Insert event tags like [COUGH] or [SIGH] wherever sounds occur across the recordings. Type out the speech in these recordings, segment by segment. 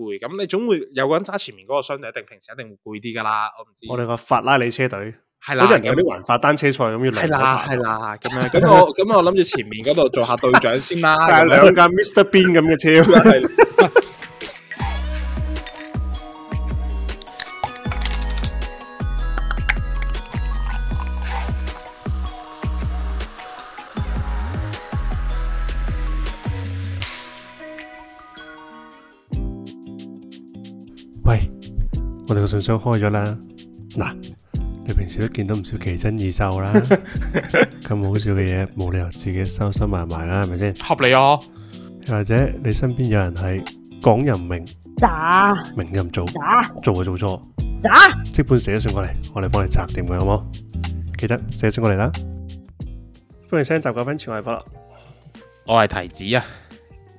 攰咁，你總會有個人揸前面嗰個箱，你一定平時一定會攰啲噶啦。我唔知。我哋個法拉利車隊，嗰啲的人有啲環法單車賽咁的要兩係啦，係啦，咁樣。咁 [LAUGHS] 我咁我諗住前面嗰度做下隊長先啦。係兩架 Mr. 邊咁嘅 team。 [LAUGHS] 信箱開咗啦，嗱，你平時都見到唔少奇珍異獸啦，咁好笑嘅嘢冇理由自己收收埋埋啦，係咪先？合理哦，又或者你身邊有人係講人唔明，咋，明又唔做，咋，做又做錯，咋，即管寫咗信過嚟，我哋幫你拆掂佢好冇？記得寫咗信過嚟啦，歡迎收聽雜果 Punchy，全為佛樂，我係提子啊，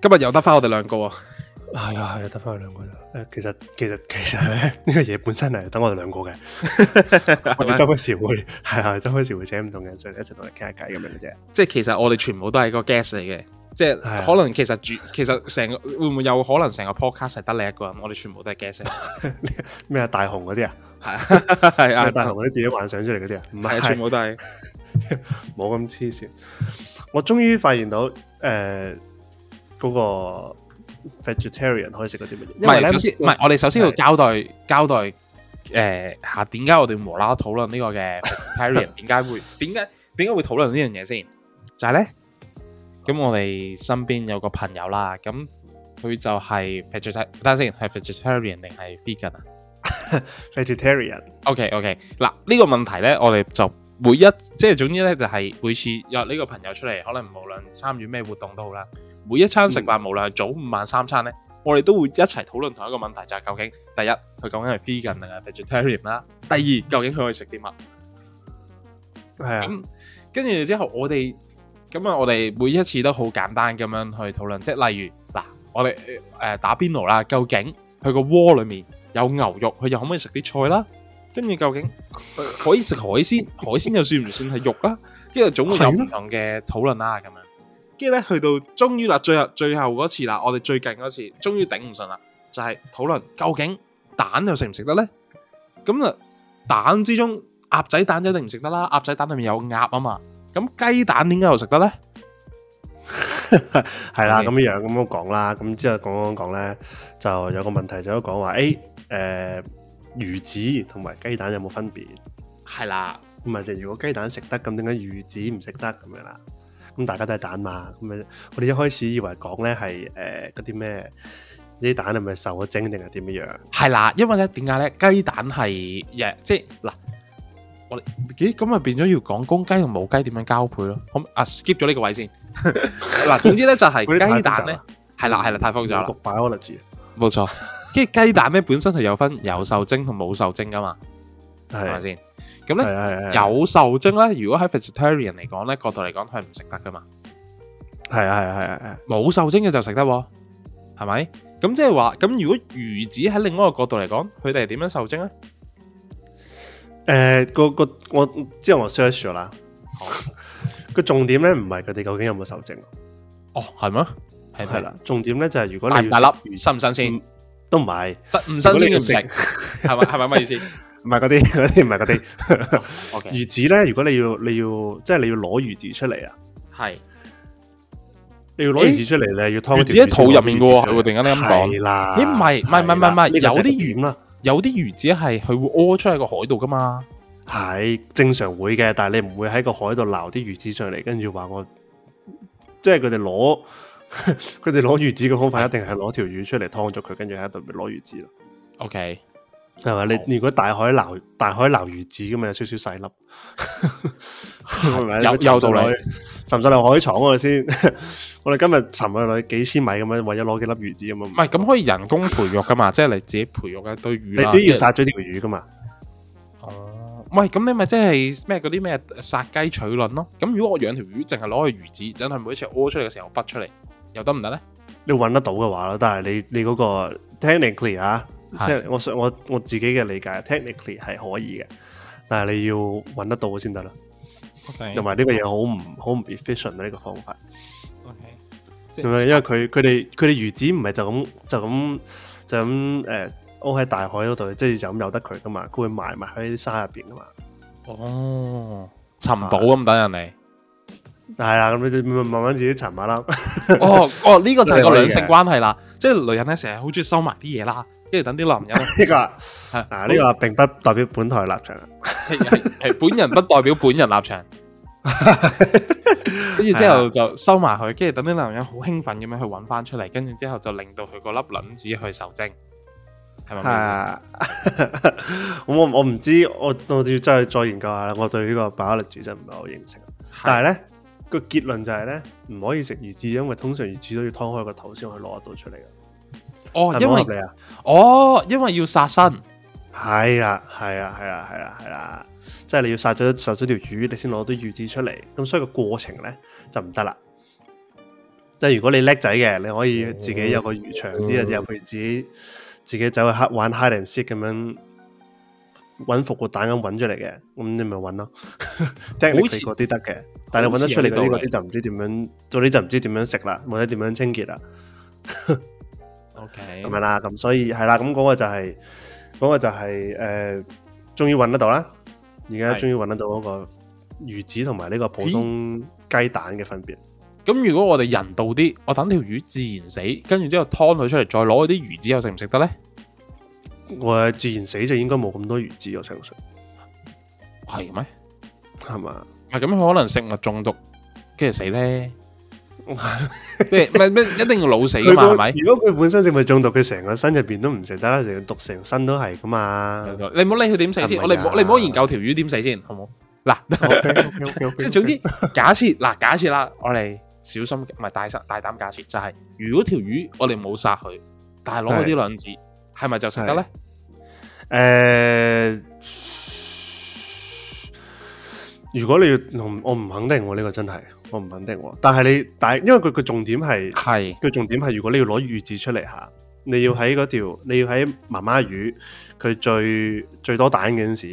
今日又得翻我哋兩個。係啊，係啊、哎，得翻佢兩個咋。誒，其實其實其實咧，呢、這個嘢本身係等我哋兩個嘅。 [LAUGHS] 我哋周不時會係啦，周 [LAUGHS] 不時會請唔同嘅人一齊一齊同你傾下偈咁樣啫。 [LAUGHS] 即係其實我哋全部都係個 guest 嚟嘅。即係可能其實主 [LAUGHS] 其實成個會唔會有可能成個 podcast 係得你一個人？我哋全部都係 guest 嚟。咩啊？ [LAUGHS] [LAUGHS] [LAUGHS] 大雄嗰啲啊？係啊，係啊，大雄嗰啲自己幻想出嚟嗰啲啊？唔係 [LAUGHS] 是，全部都係冇咁黐線。我終於發現到誒嗰、呃那個。vegetarian 可以食嗰啲乜嘢？唔係 Veget，首先唔係，我哋首先要交代是交代誒，吓點解我哋無啦啦討論呢個嘅 vegetarian？e t 點解會？點解點解會討論呢樣嘢先？就係咧，咁我哋身邊有個朋友啦，咁佢就係 vegetarian，等下先係 vegetarian 定係 vegan 啊？vegetarian，ok ok 嗱、okay，呢、這個問題咧，我哋就每一即係總之咧，就係、是、每次約呢個朋友出嚟，可能無論參與咩活動都好啦。每一餐食飯，無論係早午晚三餐咧，我哋都會一齊討論同一個問題，就係究竟第一，佢究竟係 vegan 定係 vegetarian 啦；第二，究竟佢可以食啲乜？係啊，咁跟住之後，我哋咁啊，我哋每一次都好簡單咁樣去討論，即係例如嗱，我哋誒打邊爐啦，究竟佢個鍋裏面有牛肉，佢又可唔可以食啲菜啦？跟住究竟可以食海鮮，海鮮又算唔算係肉啊？跟住總會有唔同嘅討論啦，咁樣。跟住咧去到，終於啦，最後最後嗰次啦，我哋最近嗰次，終於頂唔順啦，就係討論究竟蛋又食唔食得咧？咁啊蛋之中，鴨仔蛋一定唔食得啦，鴨仔蛋裏面有鴨啊嘛。咁雞蛋點解又食得咧？係啦，咁樣樣咁樣講啦。咁之後講講講咧，就有個問題就都講話，誒、欸、誒、呃、魚子同埋雞蛋有冇分別？係啦的，唔係定如果雞蛋食得，咁點解魚子唔食得咁樣啦？咁大家都係蛋嘛咁樣，我哋一開始以為講咧係誒嗰啲咩呢啲蛋係咪受咗精定係點樣？係啦，因為咧點解咧雞蛋係誒即係嗱，我哋咦咁啊變咗要講公雞同母雞點樣交配咯？咁啊 skip 咗呢個位先。嗱，總之咧就係雞蛋咧係啦係啦，太複雜啦 biology。冇錯，跟住雞蛋咧本身係有分有受精同冇受精噶嘛，係咪先？咁咧有受精咧，如果喺 vegetarian 嚟講咧，角度嚟講佢係唔食得噶嘛？係啊係啊係啊係，冇受精嘅就食得，係咪？咁即係話，咁如果魚子喺另外一個角度嚟講，佢哋係點樣受精咧？誒，個個我之後我 search 咗啦。個重點咧唔係佢哋究竟有冇受精，哦，係咩？係啦，重點咧就係如果大唔大粒，新唔新鮮都唔係，新唔新鮮就唔食，係咪係咪乜意思？唔係嗰啲，啲唔係嗰啲魚子咧。如果你要，你要，即係你要攞魚子出嚟啊！係，你要攞魚子出嚟咧，要劏魚子喺肚入面噶佢，我突然間咁講，咦唔係，唔係，唔係，唔係，有啲魚啊！有啲魚子係佢會屙出喺個海度噶嘛？係正常會嘅，但係你唔會喺個海度撈啲魚子上嚟，跟住話我，即係佢哋攞佢哋攞魚子嘅方法，一定係攞條魚出嚟劏咗佢，跟住喺度攞魚子咯。OK。係嘛？你如果大海撈大海撈魚子咁咪有少少細粒，係咪 [LAUGHS] 有？有有到你，沉晒落海床我哋先， [LAUGHS] 我哋今日沉落嚟幾千米咁樣，為咗攞幾粒魚子咁是樣。唔係咁可以人工培育噶嘛？即係 [LAUGHS] 你自己培育嘅對魚，啊、你都要殺咗條魚噶嘛？哦、呃，喂，咁你咪即係咩？嗰啲咩殺雞取卵咯？咁如果我養條魚，淨係攞佢魚子，真係每一次屙出嚟嘅時候，我出嚟又行行呢得唔得咧？你搵得到嘅話咯，但係你你嗰個 technically 啊？即係我想我我自己嘅理解，technically 係可以嘅，但係你要揾得到先得啦。同埋呢個嘢好唔好唔 efficient 呢個方法？係咪、okay，因為佢佢哋佢哋魚子唔係就咁就咁就咁誒，喺、欸、大海嗰度，即係就咁、是、由得佢噶嘛？佢會埋埋喺啲沙入邊噶嘛？哦，尋寶咁等人嚟，但係啦，咁你慢慢自己尋下啦、哦。哦哦，呢、這個就係個兩性關係啦，即係女人咧成日好中意收埋啲嘢啦。跟住等啲男人呢、呢個是啊呢人個並不代表本台立場，係本人不代表本人立場。跟住之後就收埋佢，跟住等啲男人好興奮咁樣去揾翻出嚟，跟住之後就令到佢個粒卵子去受精，係咪啊？我我唔知，我知我，我要真係再研究下啦。我對個力、啊、呢個 biology 真係唔係好認識，但係咧個結論就係咧唔可以食魚翅，因為通常魚翅都要劏開個頭先可以攞得到出嚟噶。哦，因為是是我哦，因為要殺生，係啦，係啦，係啦，係啦，係啦，即係你要殺咗殺咗條魚，你先攞啲魚子出嚟，咁所以個過程咧就唔得啦。即係如果你叻仔嘅，你可以自己有個漁場、哦、之入去，如自己自己走去玩 hide and seek 咁樣，揾復活蛋咁揾出嚟嘅，咁你咪揾咯。即 [LAUGHS] 係好似嗰啲得嘅，但係你揾得出嚟嗰啲，就唔知點樣，做呢就唔知點樣食啦，或者點樣清潔啦。 [LAUGHS] 咁樣 Okay, 啦，咁所以係啦，咁嗰個就係、是，嗰、那個就係、是、誒，終於搵得到啦！而家終於搵得到嗰個魚子同埋呢個普通雞蛋嘅分別。咁、欸、如果我哋人道啲，我等條魚自然死，跟住之後劏佢出嚟，再攞啲魚子又食唔食得咧？我自然死就應該冇咁多魚子又食食，係咩嗎？係嘛吧？啊咁，佢可能食物中毒，跟住死咧。即係唔係咩？一定要老死嘛？係咪？如果佢本身就係中毒，佢成個身入邊都唔食得啦，成個毒成身都係噶嘛？你唔好理佢點死先。我哋唔好，你唔好研究條魚點死先，好唔好？嗱，即係總之假設嗱，假設啦，我哋小心唔係大殺大膽假設，就係如果條魚我哋冇殺佢，但係攞佢啲卵子，係咪就食得咧？誒，如果你要我唔肯定，我呢個真係。我唔肯定喎，但係你但，因為佢佢重點係，佢是重點係如果你要攞魚子出嚟吓，你要喺嗰條，你要喺媽媽魚，佢最最多蛋嗰陣時，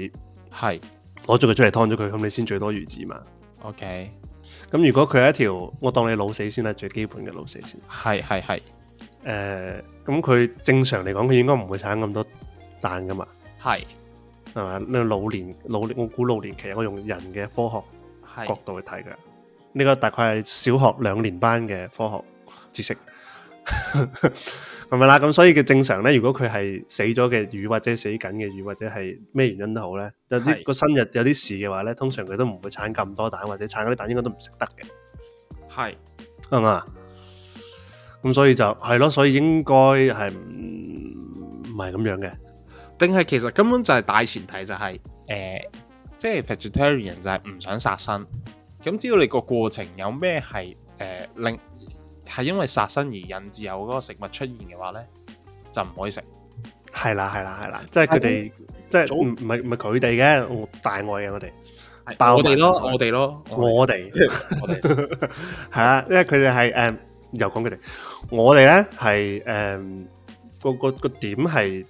係攞咗佢出嚟劏咗佢，咁你先最多魚子嘛。OK，咁如果佢係一條，我當你老死先係最基本嘅老死先。係係係，誒，咁佢、呃、正常嚟講，佢應該唔會產咁多蛋噶嘛。係係嘛，你老年老年我估老年期，其實我用人嘅科學角度去睇嘅。呢個大概係小學兩年班嘅科學知識，係咪啦？咁所以嘅正常咧，如果佢係死咗嘅魚，或者死緊嘅魚，或者係咩原因都好咧，有啲個身日有啲事嘅話咧，通常佢都唔會產咁多蛋，或者產嗰啲蛋應該都唔食得嘅。係是，啱唔啱？咁所以就係咯，所以應該係唔係咁樣嘅？定係其實根本就係大前提就係、是、誒、呃，即係 vegetarian 就係唔想殺生。咁知道你個過程有咩係誒令係因為殺生而引致有嗰個食物出現嘅話咧，就唔可以食。係啦，係啦，係啦，即係佢哋，嗯、即係唔係唔係佢哋嘅大愛嘅我哋，但的滿我哋咯，咯，我哋咯，我哋我哋，係啦， [LAUGHS] [LAUGHS] 因為佢哋係誒又講佢哋，我哋咧係誒個個個點係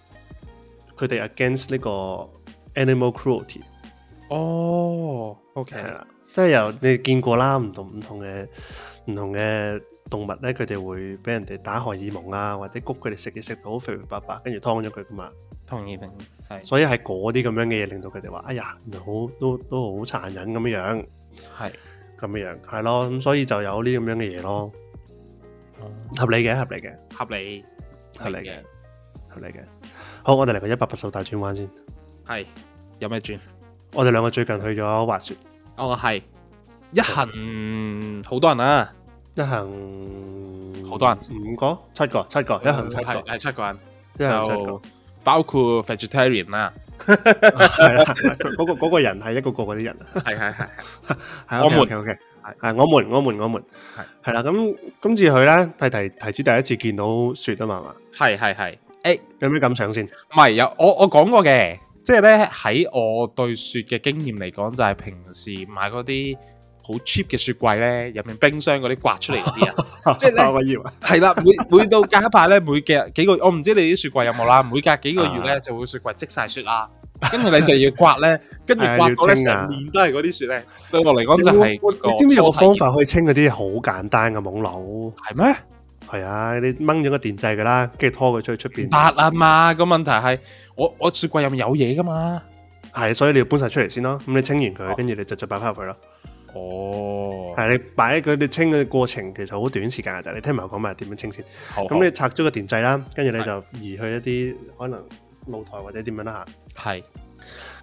佢哋 against 呢個 animal cruelty。哦，oh，OK，係啦，即係由你見過啦，唔同唔同嘅唔同嘅動物咧，佢哋會俾人哋打荷爾蒙啊，或者谷佢哋食嘢，食到肥肥白白，跟住劏咗佢噶嘛。同意同意，係，所以係嗰啲咁樣嘅嘢令到佢哋話，哎呀，好都都好殘忍咁樣樣，係咁樣，係咯，咁所以就有呢咁樣嘅嘢咯，合理嘅，合理嘅，合理，合理嘅，合理嘅，好，我哋嚟個一百八十大轉彎先，係，有咩轉？我哋兩個最近去咗滑雪。哦係，一行好多人啊，一行好多人，五個、七個、七個，一行七個係七個人，就包括 vegetarian 啦。係啊，嗰個個人係一個個嗰啲人。係係係係，我哋 OK，係係我哋我哋我哋係係啦。咁今次去呢提提提子第一次見到雪啊嘛嘛。係係係，誒有咩感想先？唔係有我我講過嘅。即係咧，喺我對雪嘅經驗嚟講，就係平時買嗰啲好 cheap 嘅雪櫃咧，入面冰箱嗰啲刮出嚟嗰啲啊。即係咧，係啦，每每到隔一排咧，每幾日幾個，我唔知你啲雪櫃有冇啦，每隔幾個月咧就會雪櫃積晒雪啦，跟住你就要刮咧，跟住刮到咧成面都係嗰啲雪咧。對我嚟講就係，你知唔知有個方法可以清嗰啲好簡單嘅懵佬？係咩？係啊，你掹咗個電掣噶啦，跟住拖佢出去出邊。得啊嘛，個問題係。我我雪櫃入面有嘢噶嘛。係，所以你要搬晒出嚟先咯。咁你清完佢，跟住你就再擺翻入去咯。哦，係你擺喺佢，你清嘅過程其實好短時間嘅，就你聽埋我講埋點樣清先。好，咁你拆咗個電掣啦，跟住你就移去一啲可能露台或者點樣啦吓。係，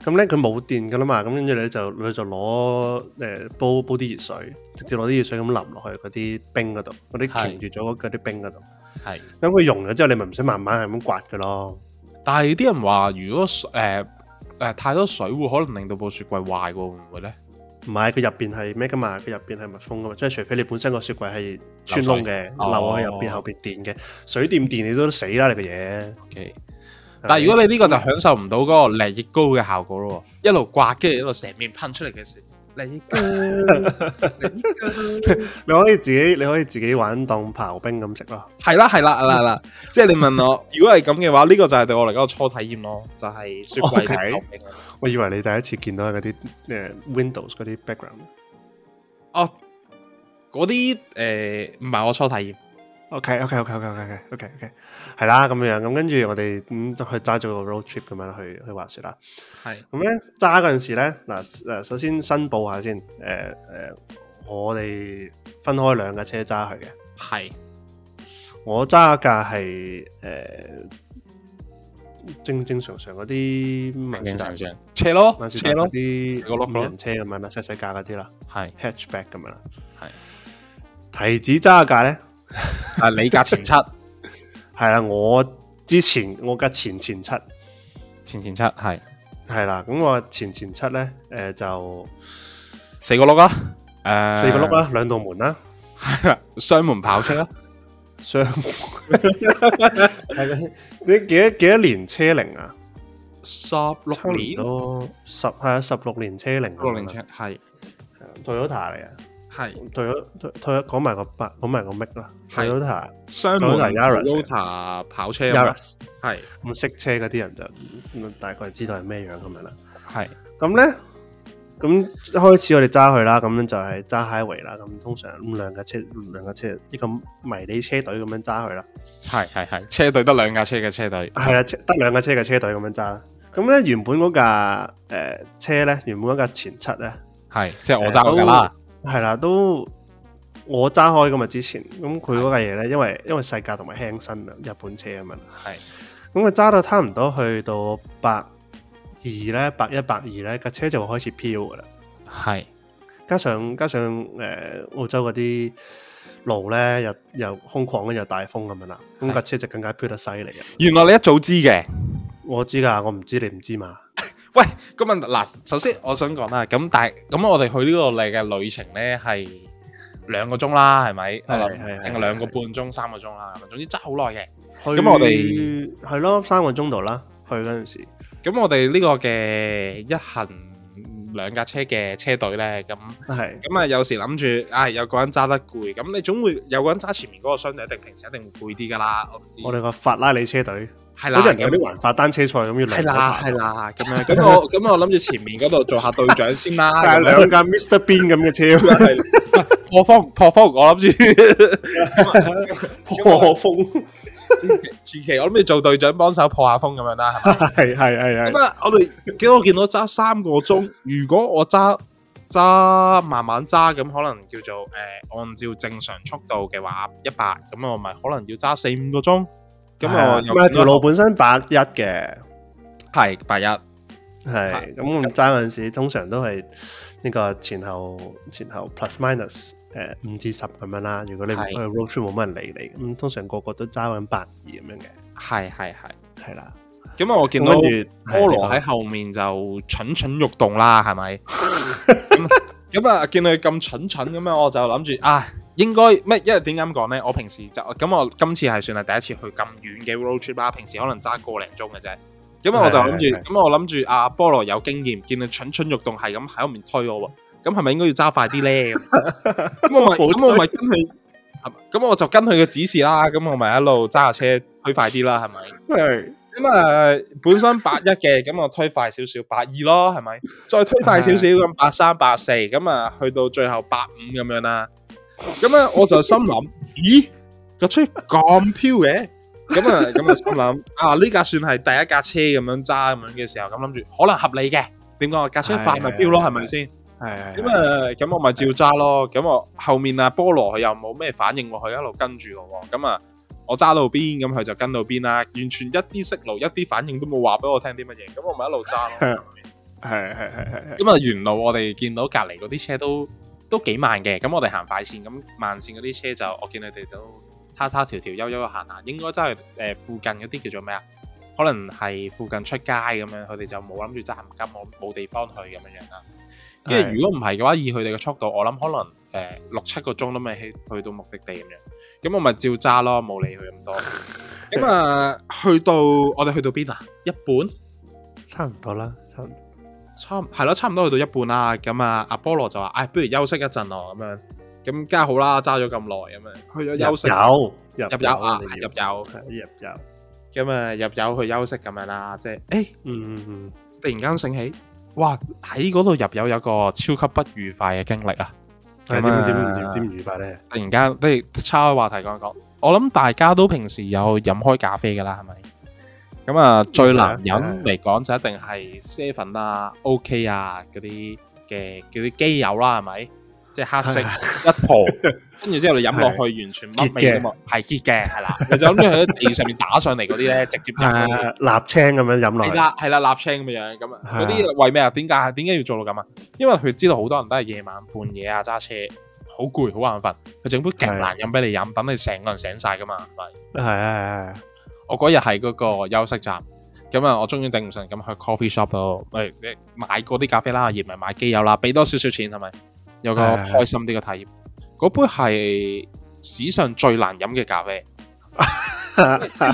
咁咧佢冇電噶啦嘛，咁跟住你就你就攞誒煲煲啲熱水，直接攞啲熱水咁淋落去嗰啲冰嗰度，嗰啲凝住咗嗰嗰啲冰嗰度。係，咁佢融咗之後，你咪唔使慢慢係咁刮噶咯。但係啲人話，如果誒誒、呃呃、太多水會可能令到部雪櫃壞喎，會唔會咧？唔係，佢入邊係咩噶嘛？佢入邊係密封噶嘛？即係除非你本身個雪櫃係穿窿嘅，漏喺入邊後邊電嘅水電電你都死啦，你嘅嘢。Okay. 係吧？但係如果你呢個就享受唔到嗰個烈熱高嘅效果咯，一路掛機，一路成面噴出嚟嘅雪。你噶嚟 [LAUGHS] [LAUGHS] 你可以自己你可以自己玩當刨冰咁食咯。係啦，係啦嗱嗱， [LAUGHS] 即係你問我，如果係咁嘅話，呢、這個就係對我嚟講個初體驗咯，就係、是、雪櫃睇。Okay. 我以為你第一次見到嗰啲誒 Windows 嗰啲 background。哦、uh，嗰啲誒唔係我初體驗。OK，OK，OK，OK，OK，OK，OK，OK，係啦，咁樣，咁跟住我哋、嗯、去揸咗個 road trip 咁樣去去滑雪啦。係是，咁咧揸嗰陣時咧，嗱，誒，首先申報下先，誒、呃、誒、呃，我哋分開兩架車揸去嘅。係是，我揸架係誒正正常常嗰啲慢車咯，車咯，啲五咯人車咁樣啦，細細架嗰啲啦，係是 hatchback 咁樣啦，係是，提子揸架咧。啊 [LAUGHS] 你架前七，係啦，我之前我嘅前前七，前前七係係啦，咁、啊、我前前七呢，誒、呃、就四個轆啦、啊，誒、呃、四個轆啦、啊，兩道門啦、啊，雙、啊、門跑車啦，雙係你幾多幾多年車齡啊？年十六年咯，十係十六年車齡，十六年車係是，Toyota 嚟啊。係，退咗退咗，講埋個八，講埋個 make 啦。係 Lola，雙門 Lola 跑車。係有，咁識是車嗰啲人就大概知道係咩樣咁樣啦。係是，咁咧，咁一開始我哋揸佢啦，咁樣就係揸 Highway 啦。咁通常兩架車，兩架車一個迷你車隊咁樣揸佢啦。係係係，車隊得兩架車嘅車隊。係啦，得兩架車嘅車隊咁樣揸啦。咁咧原本嗰架誒車咧，原本嗰架，、呃、架前七咧，係即係我揸佢啦。呃嗯係啦，都我揸開噶嘛。之前咁佢嗰架嘢咧，因為因為細架同埋輕身啊，日本車啊嘛。係的。咁佢揸到差唔多去到百二咧，百一、百二咧架車就會開始飄噶啦。係的。加上加上誒，澳洲嗰啲路咧又又空曠又大風咁樣啦，咁架的車就更加飄得犀利。原來你一早知嘅，我知噶，我唔知你唔知嘛。喂，咁問，嗱，首先我想講啦，咁但係咁我哋去呢個嚟嘅旅程咧係兩個鐘啦，係咪？係係係兩個半鐘、三個鐘啦，咁總之揸好耐嘅。咁我哋係咯，三個鐘度啦，去嗰陣時。咁我哋呢個嘅一行。兩架車嘅車隊咧，咁咁啊，有時諗住，唉，有個人揸得攰，咁你總會有個人揸前面嗰個箱，你一定平時一定會攰啲噶啦。我唔知我哋個法拉利車隊，好似人有啲環法單車賽咁要兩，係啦係啦咁樣。咁我咁我諗住前面嗰度做下隊長先啦。兩架 Mr Bean 咁嘅車，破風破風，我諗住破風。前期 [NOISE] 我諗你做隊長幫手破下風咁樣啦，係係係係。咁啊，我哋幾多見到揸三個鐘，如果我揸揸慢慢揸，咁可能叫做誒、呃，按照正常速度嘅話一百，咁我咪可能要揸四五個鐘。咁啊，條路本身八一嘅，係八一，係。咁我揸嗰陣時通常都係。呢個前後前後 plus minus 誒五至十咁樣啦，如果你去 road trip 冇乜人理你，咁通常個個都揸緊八二咁樣嘅，係係係係啦。咁啊後，我見到菠蘿喺後面就蠢蠢欲動啦，係咪？咁啊，見到佢咁蠢蠢咁樣，我就諗住啊，應該咩？因為點解咁講咧？我平時就咁，我今次係算係第一次去咁遠嘅 road trip 啦、啊。平時可能揸個零鐘嘅啫。咁我就諗住，咁是我諗住阿是、啊、菠蘿有經驗，見你蠢蠢欲動，係咁喺我面推我喎，咁係咪應該要揸快啲呢？咁 [LAUGHS] 我問，咁 [LAUGHS] 我問跟佢，咁我就跟佢嘅指示啦。咁我咪一路揸下車推快啲啦，係咪？係是是、呃。本身八一嘅，咁 [LAUGHS] 我推快少少八二咯，係咪？再推快少少咁八三八四，咁是是 啊，去到最後八五咁樣啦。咁啊，我就心諗 [LAUGHS] 咦，個車咁飄嘅？ [LAUGHS] 咁啊，咁啊，諗啊，呢架算係第一架車咁樣揸咁樣嘅時候，咁諗住可能合理嘅，點講啊？架車快咪飆咯，係咪先？係係。咁啊，咁我咪照揸咯。咁我後面啊，菠蘿佢又冇咩反應，我佢一路跟住嘅喎。咁啊，我揸到邊，咁佢就跟到邊啦。完全一啲色路，一啲反應都冇話俾我聽啲乜嘢。咁我咪一路揸咯。係係係係。咁啊，沿路我哋見到隔籬嗰啲車都都幾慢嘅。咁我哋行快線，咁慢線嗰啲車就我見你哋都。叉叉條條悠悠行行，應該真係誒、呃、附近嗰啲叫做咩啊？可能係附近出街咁樣，佢哋就冇諗住執行金，冇冇地方去咁樣啦。因為如果唔係嘅話，以佢哋嘅速度，我諗可能誒六七個鐘都未去，去到目的地咁樣。咁我咪照揸咯，冇理佢咁多。咁啊的，去到我哋去到邊啊？一半，差唔多啦，差唔多係咯，差唔多去到一半啦。咁啊，阿波羅就話：誒、哎，不如休息一陣咯，咁樣。咁梗好啦，揸咗咁耐咁啊，去咗休息。有入油啊，入油入油。咁啊，入油去休息咁樣啦。即係，誒，嗯嗯嗯，突然間醒起，哇！喺嗰度入油有個超級不愉快嘅經歷啊。係點點點點唔愉快咧？突然間，不如岔開話題講一講。我諗大家都平時有飲開咖啡噶啦，係咪？咁啊，最難飲嚟講就一定係 seven 啊、ok 啊嗰啲嘅叫啲基友啦，係咪？即係黑色一泡，跟住之後你飲落去完全乜味啊嘛？係結嘅，係啦。你就諗住喺地上面打上嚟嗰啲咧，直接誒瀝青咁樣飲落。係啦，係啦，瀝青咁嘅樣咁嗰啲為咩啊？點解點解要做到咁啊？因為佢知道好多人都係夜晚半夜啊揸車，好攰好眼瞓，佢整杯勁難飲俾你飲，等你成個人醒晒噶嘛，係咪？係係係。我嗰日係嗰個休息站，咁啊，我終於頂唔順，咁去 coffee shop 度誒買嗰啲咖啡啦，而唔係買機油啦，俾多少少錢係咪？有個開心啲嘅體驗，嗰杯係史上最難飲嘅咖啡。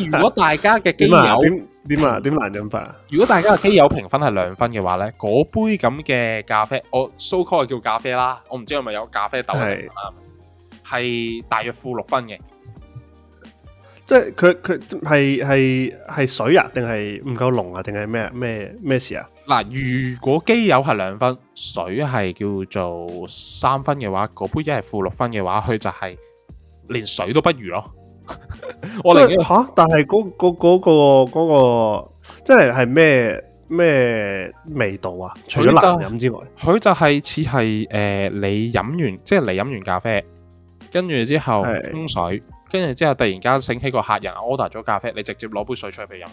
如果大家嘅基友點點啊點難飲法啊？如果大家嘅基友評分係兩分嘅話咧，嗰杯咁嘅咖啡，我 so call 叫咖啡啦，我唔知係咪有咖啡豆啊？係大約負六分嘅。即係佢佢係係係水啊？定係唔夠濃啊？定係咩咩咩事啊？嗱，如果機油係兩分，水係叫做三分嘅話，嗰杯嘢係負六分嘅話，佢就係連水都不如咯、哦。 [LAUGHS] 那我寧願吓，但係嗰嗰個、嗰個即係係咩咩味道啊？除咗難飲之外，佢就係似係誒，你飲完即係、就是、你飲完咖啡，跟住之後沖水。跟住之後突然間醒起個客人 order 咗咖啡，你直接攞杯水出嚟俾飲，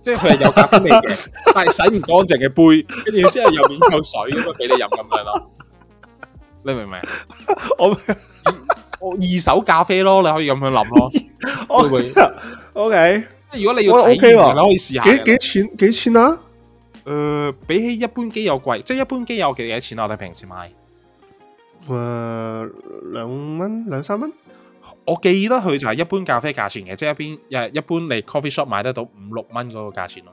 即係佢係有咖啡味嘅。 [LAUGHS] 但係洗唔乾淨嘅杯。跟住之後又搣嚿水咁啊俾你飲咁樣咯，你明唔明？我二手咖啡咯，你可以咁樣諗咯。我 [LAUGHS] OK，即係如果你要體驗，Okay. 你可以試下。幾幾錢？幾錢啊？誒、呃，比起一般機油貴，即係一般機油幾多錢、啊？我哋平時買，誒、呃，兩蚊，兩三蚊。我記得佢就係一般咖啡價錢嘅，即係一邊一般你 coffee shop 買得到五六蚊嗰個價錢咯。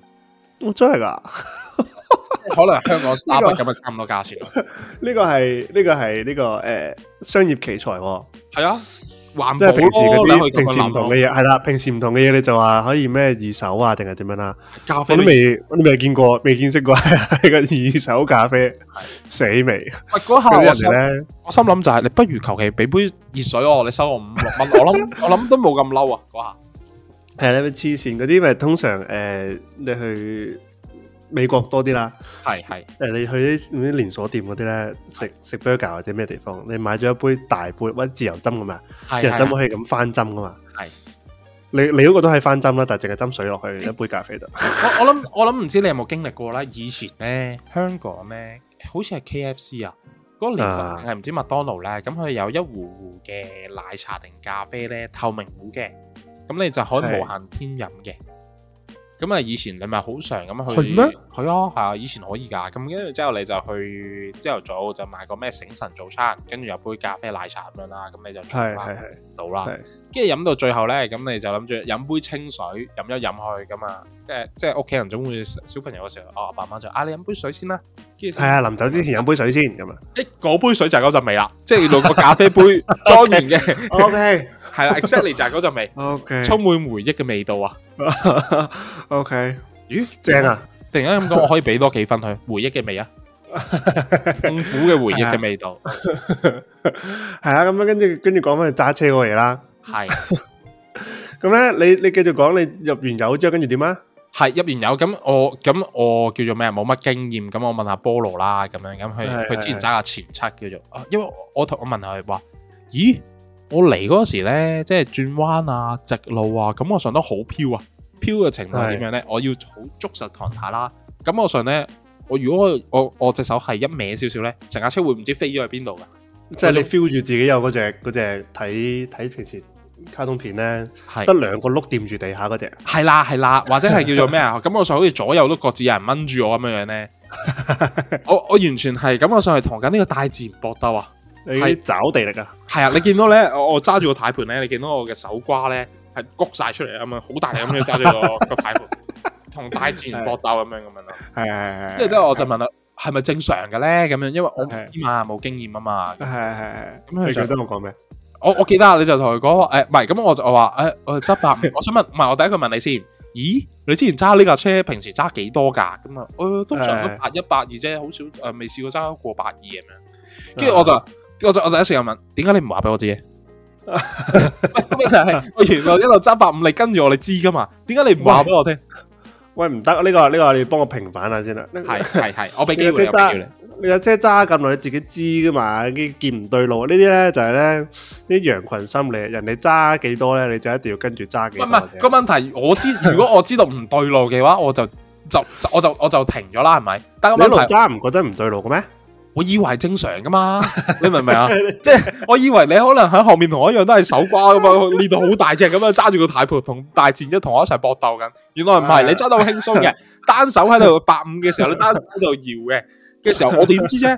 我、哦、真係噶， [LAUGHS] [LAUGHS] 可能香港呢、Starbucks 咁嘅咁多價錢，呢個係呢、這個係呢、這個誒、呃、商業奇才喎、哦。係啊。即係平時嗰啲平時唔同嘅嘢，係啦好，平時唔同嘅嘢你就話可以咩二手啊，定係點樣啦？咖啡我都未，你都未見過，未見識過呢個二手咖啡，的死未？嗰下、哎、我心諗就係你不如求其俾杯熱水我、哦，你收我五六蚊， [LAUGHS] 我諗我諗都冇咁嬲啊！嗰下係你咪黐線嗰啲咪通常誒、呃、你去。美國多啲啦，係係。誒，你去啲嗰啲連鎖店嗰啲咧，食食 burger 或者咩地方，你買咗一杯大杯，或者自由斟咁嘛。係係係，自由斟可以咁翻斟噶嘛？係。你你嗰個都係翻斟啦，但係淨係斟水落去係係一杯咖啡度。我我諗我諗唔知你有冇經歷過啦， [LAUGHS] 以前咧香港咧，好似係 K F C 啊，嗰年連唔、啊、知麥當勞咧，咁佢有一壺壺嘅奶茶定咖啡咧，透明壺嘅，咁你就可以無限添飲嘅。咁啊，以前你咪好常咁去，係咩嗎？係啊，係啊，以前可以噶。咁跟住之後你就去朝頭早就買個咩醒神早餐，跟住有杯咖啡奶茶咁樣啦。咁你就做到啦。跟住飲到最後咧，咁是你就諗住飲杯清水，飲一飲去咁啊。即係屋企人總會小朋友嘅時候，哦，爸媽就啊，你飲杯水先啦。跟住係啊，臨走之前飲杯水先咁啊。誒，嗰杯水就嗰陣味啦，即係到個咖啡杯裝完嘅。OK, okay。 [LAUGHS] 係啦，exactly 嗰陣味，充滿回憶嘅味道啊。OK，咦，正啊！突然間咁講，我可以俾多幾分佢回憶嘅味啊，痛苦嘅回憶嘅味道。係啦，咁樣跟住跟住講翻去揸車過嚟啦。係，咁咧你你繼續講，你入完油之後跟住點啊？係入完油咁我咁我叫做咩啊？冇乜經驗，咁我問下菠蘿啦，咁樣咁佢佢之前揸下前七叫做啊，因為我同我問下佢話，咦？我嚟嗰時咧，即係轉彎啊、直路啊，咁我上得好飄啊！飄嘅程度點樣咧？是我要好捉實堂下啦。咁我上咧，我如果我我隻手係一歪少少咧，成架車會唔知飛咗去邊度噶？即係你 feel 住自己有嗰隻隻睇睇平時卡通片咧，係得兩個碌掂住地下嗰隻，係啦，係啦，或者係叫做咩啊？咁 [LAUGHS] 我上好似左右都各自有人掹住我咁樣樣咧。 [LAUGHS] 我我完全係咁，我上係同緊呢個大自然搏鬥啊！係找地力啊！係啊！你見到咧，我揸住個軚盤咧，你見到我嘅手瓜咧係谷晒出嚟啊嘛，好大力咁樣揸住個個軚盤，同大自然搏鬥咁樣咁樣咯。係係係，跟住之後我就問啦，係咪正常嘅咧？咁樣，因為我起冇經驗啊嘛。係係係，咁你記得我講咩？我我記得啊，你就同佢講誒，唔係咁，我就我話誒，我揸百我想問，唔係我第一個問你先，咦？你之前揸呢架車，平時揸幾多架咁啊？誒，通常都百一、百二啫，好少誒，未試過揸過百二咁樣。跟住我就。我就我第一次又問，點解你唔話俾我知？個問題，我原來一路揸一百五，跟你跟住我，你知噶嘛？點解你唔話俾我聽？喂，唔得，呢、這個呢、這個你幫我平反下先啦。係係係，我俾機會揸住你你有車揸咁耐，你自己知噶嘛？見唔對路，呢啲咧就係咧啲羊群心理。人哋揸幾多咧，你就一定要跟住揸幾多。唔係、那個問題，我知。 [LAUGHS] 如果我知道唔對路嘅話，我就就，就我就我就，我就停咗啦，係咪？但係一路揸唔覺得唔對路嘅咩？我以為正常㗎嘛，你明唔明啊？ [LAUGHS] 即係我以為你可能喺後面同我一樣都係手瓜㗎嘛，練到好大隻咁啊，揸住個太盤同大戰一同我一齊搏鬥緊。原來唔係，你揸到好輕鬆嘅， [LAUGHS] 單手喺度八五嘅時候，你單手喺度搖嘅。嘅時候我點知啫？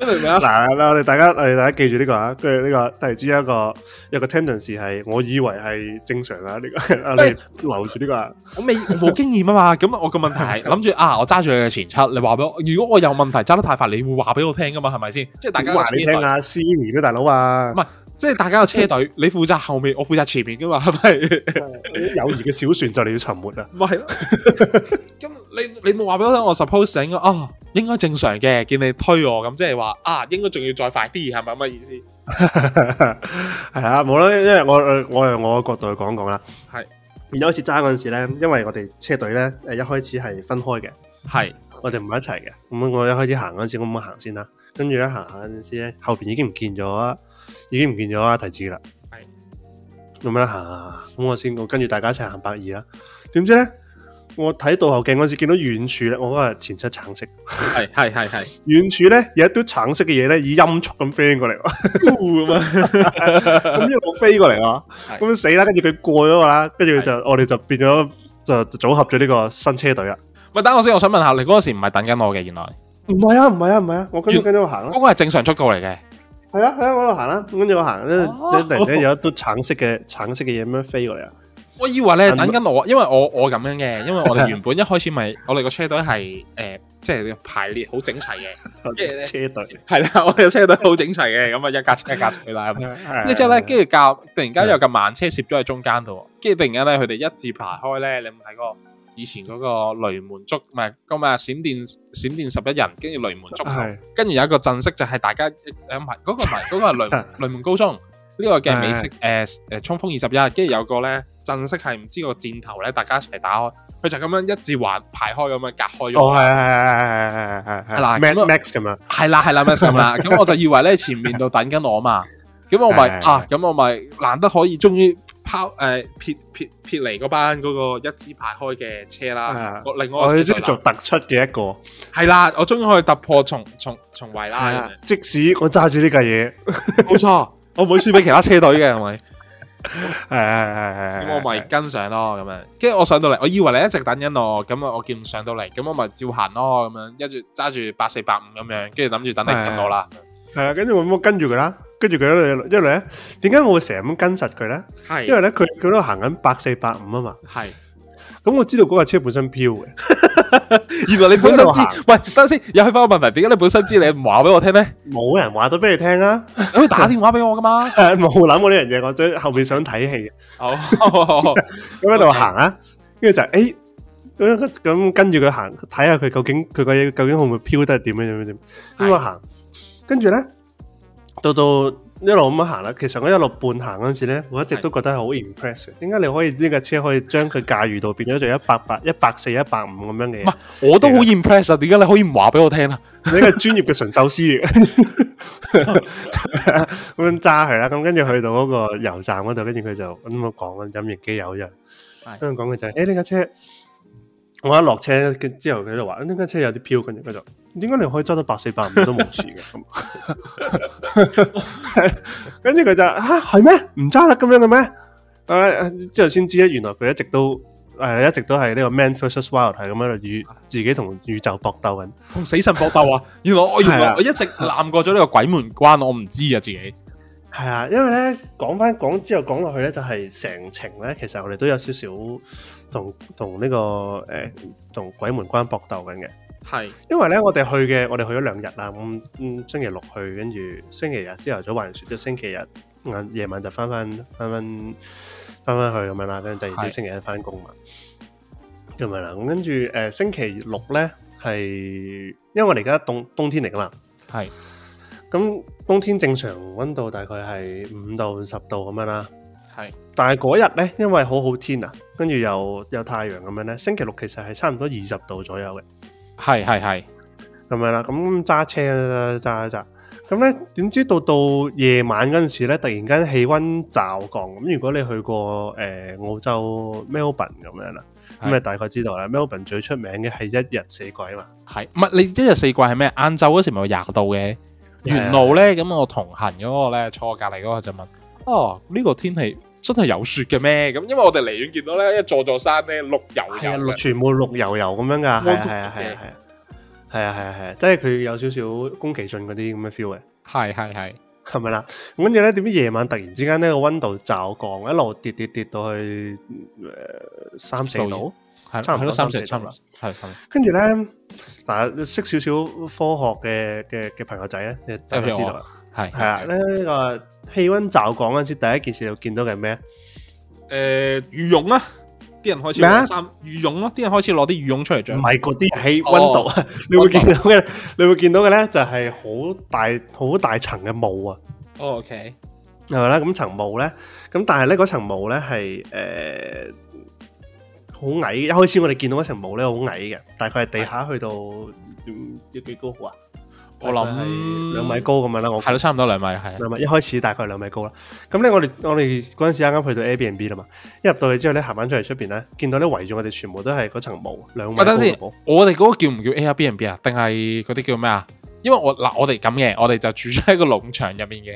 你明唔明啊？嗱，嗱我哋大家，我哋大家記住呢、這個啊，跟住呢個突然之間一個一個 tendency 係，我以為係正常啊。呢、這個啊，欸、你留住呢、這個。啊我未冇經驗啊嘛，咁我個問題係諗住啊，我揸住你嘅前七，你話俾我。如果我有問題揸得太快，你會話俾我聽噶嘛？係咪先？即係大家話你聽啊，私密啊，大佬啊，唔係，即係大家個車隊，嗯、你負責後面，我負責前面噶嘛？係咪？你友誼嘅小船就你要沉沒啦。唔係咯。咁你你冇話俾我聽，我 supposing 啊。應該正常嘅，見你推我咁，即係話啊，應該仲要再快啲，係咪咁嘅意思？係啊， [LAUGHS] [LAUGHS] 冇啦，因為我我用我嘅角度去講講啦。係的，一開始揸嗰陣時咧，因為我哋車隊咧誒，一開始係分開嘅。係的，我哋唔係一齊嘅。咁我一開始行嗰陣時候，我行先啦。跟住咧行下嗰陣時咧，後邊已經唔見咗啊，已經唔見咗啊，提子啦。係的。咁樣行啊，咁我先講，我跟住大家一齊行百二啦。點知咧？我睇到後鏡嗰時見到遠處咧，我嗰個前車橙色，係係係係，遠處咧有一堆橙色嘅嘢咧，以音速咁飛過嚟，咁樣咁一路飛過嚟啊，咁死啦！跟住佢過咗啦，跟住就是我哋就變咗就，就組合咗呢個新車隊啊！咪等我先，我想問下，你嗰時唔係等緊我嘅？原來唔係啊，唔係啊，唔係啊，我跟跟住我行咯，啊，嗰，那個係正常速度嚟嘅，係啊係啊，我喺度行啦，跟住我行，哦，突然間有一堆橙色嘅橙色嘅嘢咁樣飛過嚟啊！我以為咧，等緊我，因為我我咁樣嘅，因為我哋原本一開始咪我哋個車隊係誒，即、呃、係、就是、排列好整齊嘅車隊，係啦，我哋個車隊好整齊嘅，咁啊一架一架去啦。咁之後咧，跟住夾突然間有架慢車攝咗喺中間度，跟住突然間咧，佢哋一字排開咧。你有冇睇嗰個以前嗰個雷門竹，唔係咁咩閃電閃電十一人？跟住雷門竹，跟住是 有一個陣式就係大家誒埋嗰個埋嗰、那個雷 [LAUGHS] 雷門高中呢、這個嘅美式誒誒是、呃、衝鋒二十一，跟住有個咧。陣式係唔知個箭頭咧，大家一齊打開，佢就咁樣一字橫排開咁樣隔開咗。哦，係係係係係係係係。嗱，Max 咁樣，係啦係啦 Max 咁啦。咁我就以為咧前面度等緊我嘛。咁我咪啊，咁我咪難得可以終於拋誒撇撇撇離嗰班嗰個一字排開嘅車啦。我另外，我最中意做突出嘅一個。係啦，我終於可以突破重重重圍啦。即使我揸住呢嚿嘢，冇錯，我唔會輸俾其他車隊嘅係咪？係係係係，咁、 [LAUGHS] 嗯、我咪跟上咯，咁樣，跟住我上到嚟，我以為你一直等緊我，咁我見唔上到嚟，咁我咪照行咯，咁樣，跟住揸住八四八五咁樣，樣跟住諗住等你等我啦，係啊，跟住我咁跟住佢啦，跟住佢一路一路咧，點解我會成日咁跟實佢咧？係的，因為咧佢佢都行緊八四八五啊嘛，係。咁我知道嗰架車本身飄嘅，原來你本身知。喂，等陣先，又去翻個問題，點解你本身知你？你唔話畀我聽咩？冇人話到俾你聽啊！可以打電話畀我噶嘛？誒，冇諗過呢樣嘢，我最後面想睇戲。哦，咁喺度行啊，okay. 欸、跟住就誒，咁樣咁跟住佢行，睇下佢究竟佢嘅嘢究竟會唔會飄得點樣點樣點？咁啊行，跟住咧到到。一路咁樣行啦，其實我一路半行嗰陣時咧，我一直都覺得好 impressive。點解是的 你可以呢架、這個、車可以將佢駕馭到變咗做一百八、一百四、一百五咁樣嘅？唔係，我都好 impressive。點解的你可以唔話俾我聽、啊、啦？你係專業嘅純手撕，咁揸係啦，咁跟住去到嗰個油站嗰度，跟住佢就咁樣講，飲液機油啫，跟住講嘅就係，誒呢架車。我一落車，之後佢就話：呢架車有啲飄，跟住佢就：點解你可以揸到百四百五都冇事嘅？ [LAUGHS] [LAUGHS] [LAUGHS] 跟住佢就：啊，係咩？唔揸啦咁樣嘅咩？誒、嗯，之後先知咧，原來佢一直都誒，一直都係呢個 Man versus Wild 係咁樣，與自己同宇宙搏鬥緊，同死神搏鬥啊！ [LAUGHS] 原來我原來我一直捱過咗呢個鬼門關，我唔知啊自己。係啊，因為咧講翻講之後講落去咧，就係成程咧，其實我哋都有少少。同同呢個誒同，呃、鬼門關搏鬥緊嘅。係是因為咧，我哋去嘅，我哋去咗兩日啦。咁嗯，星期六去，跟住星期日朝頭早滑雪，跟住星期日晚夜晚就翻翻翻翻翻翻去咁樣啦。跟住第二朝星期一翻工嘛，咁樣啦。咁跟住誒，星期六咧係因為我哋而家冬冬天嚟噶嘛，係咁是冬天正常溫度大概係五到十度咁樣啦。係，是但係嗰日咧，因為好好天啊，跟住又有太陽咁樣咧。星期六其實係差唔多二十度左右嘅，係係係咁樣啦，啊。咁揸車啦揸一揸，咁咧點知到到夜晚嗰陣時咧，突然間氣溫驟降。咁如果你去過誒、呃、澳洲 Melbourne 咁樣啦，啊，咁啊是大概知道啦。是 Melbourne 最出名嘅係一日四季啊嘛，係唔係？你一日四季係咩？晏晝嗰時咪有廿度嘅，沿路咧咁的我同行嗰個咧坐我隔籬嗰個就問，哦呢、這個天氣。真係有雪嘅咩？咁因為我哋離遠見到咧，一座座山咧綠油油，係啊，全部綠油油咁樣噶係啊，係啊，係啊，係啊，係啊，係，即係佢有少少宮崎駿嗰啲咁嘅 feel 嘅，係係係，係咪啦？跟住咧，點知夜晚突然之間呢個溫度驟降，一路跌跌跌，跌跌到去誒、呃、三四度，係差唔多三四七啦，係。跟住咧，嗱識少少科學嘅嘅嘅朋友仔咧，就知道啦。係係啊！呢個氣溫驟降陣時，第一件事你會見到嘅係咩？誒、呃，羽絨啊！啲人開始攞衫羽絨咯，啲么、啊、人開始攞啲羽絨出嚟着。唔係嗰啲氣溫度啊！你會見到嘅，你會見到嘅咧，就係、是、好大好大層嘅霧啊！哦，OK，係咪咧？咁層霧咧，咁但係咧嗰層霧咧係誒，好、呃、矮。一開始我哋見到嗰層霧咧好矮嘅，大概係地下去到要幾高好啊？我諗係兩米高咁樣啦，我係咯，差唔多兩米係。兩米，一開始大概兩米高啦。咁咧，我哋我哋嗰陣時啱啱去到 Airbnb 啦嘛。一入到去之後咧，行返出嚟出邊咧，見到咧圍住我哋全部都係嗰層霧，兩米高等等。我等先，我哋嗰個叫唔叫 Airbnb 啊？定係嗰啲叫咩啊？因為我嗱，我哋咁嘅，我哋就住咗喺個農場入面嘅。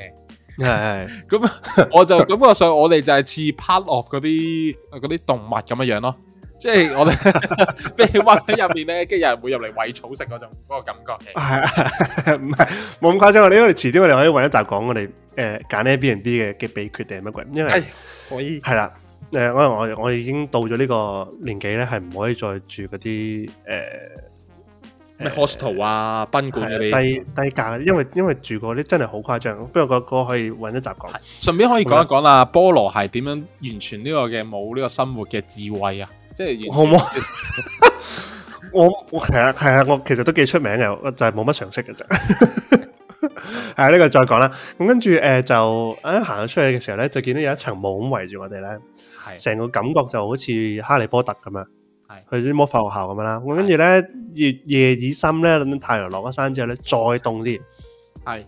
係的。咁 [LAUGHS] 我就咁我感覺上我哋就係似 part of 嗰啲嗰啲動物咁樣樣咯。 [LAUGHS] 即係我哋俾屈喺入面咧，跟住有人會入嚟餵草食嗰種嗰個感覺。 [LAUGHS] 嘅。唔係冇咁誇張啊！你因為遲啲我哋可以揾一集講我哋誒揀呢個 B and B 嘅嘅秘訣定係乜鬼？因為可以係啦。誒、哎，我我我已經到咗呢個年紀咧，係唔可以再住嗰啲誒咩 hostel 啊、賓館啲低低價，因為因為住嗰啲真係好誇張。不過個個可以揾一集講。順便可以講一講啊的，菠蘿係點樣完全呢個嘅冇呢個生活嘅智慧啊！好冇？我我係啊係啊，我其實都幾出名嘅、 [LAUGHS] 啊這個呃，就係冇乜常識嘅啫。係呢個再講啦。咁跟住誒就，行咗出去嘅時候咧，就見到有一層霧咁圍住我哋咧。係是。成個感覺就好似哈利波特咁樣，係是去啲魔法學校咁樣啦。咁跟住咧，夜夜已深咧，等太陽落咗山之後咧，再凍啲。係是。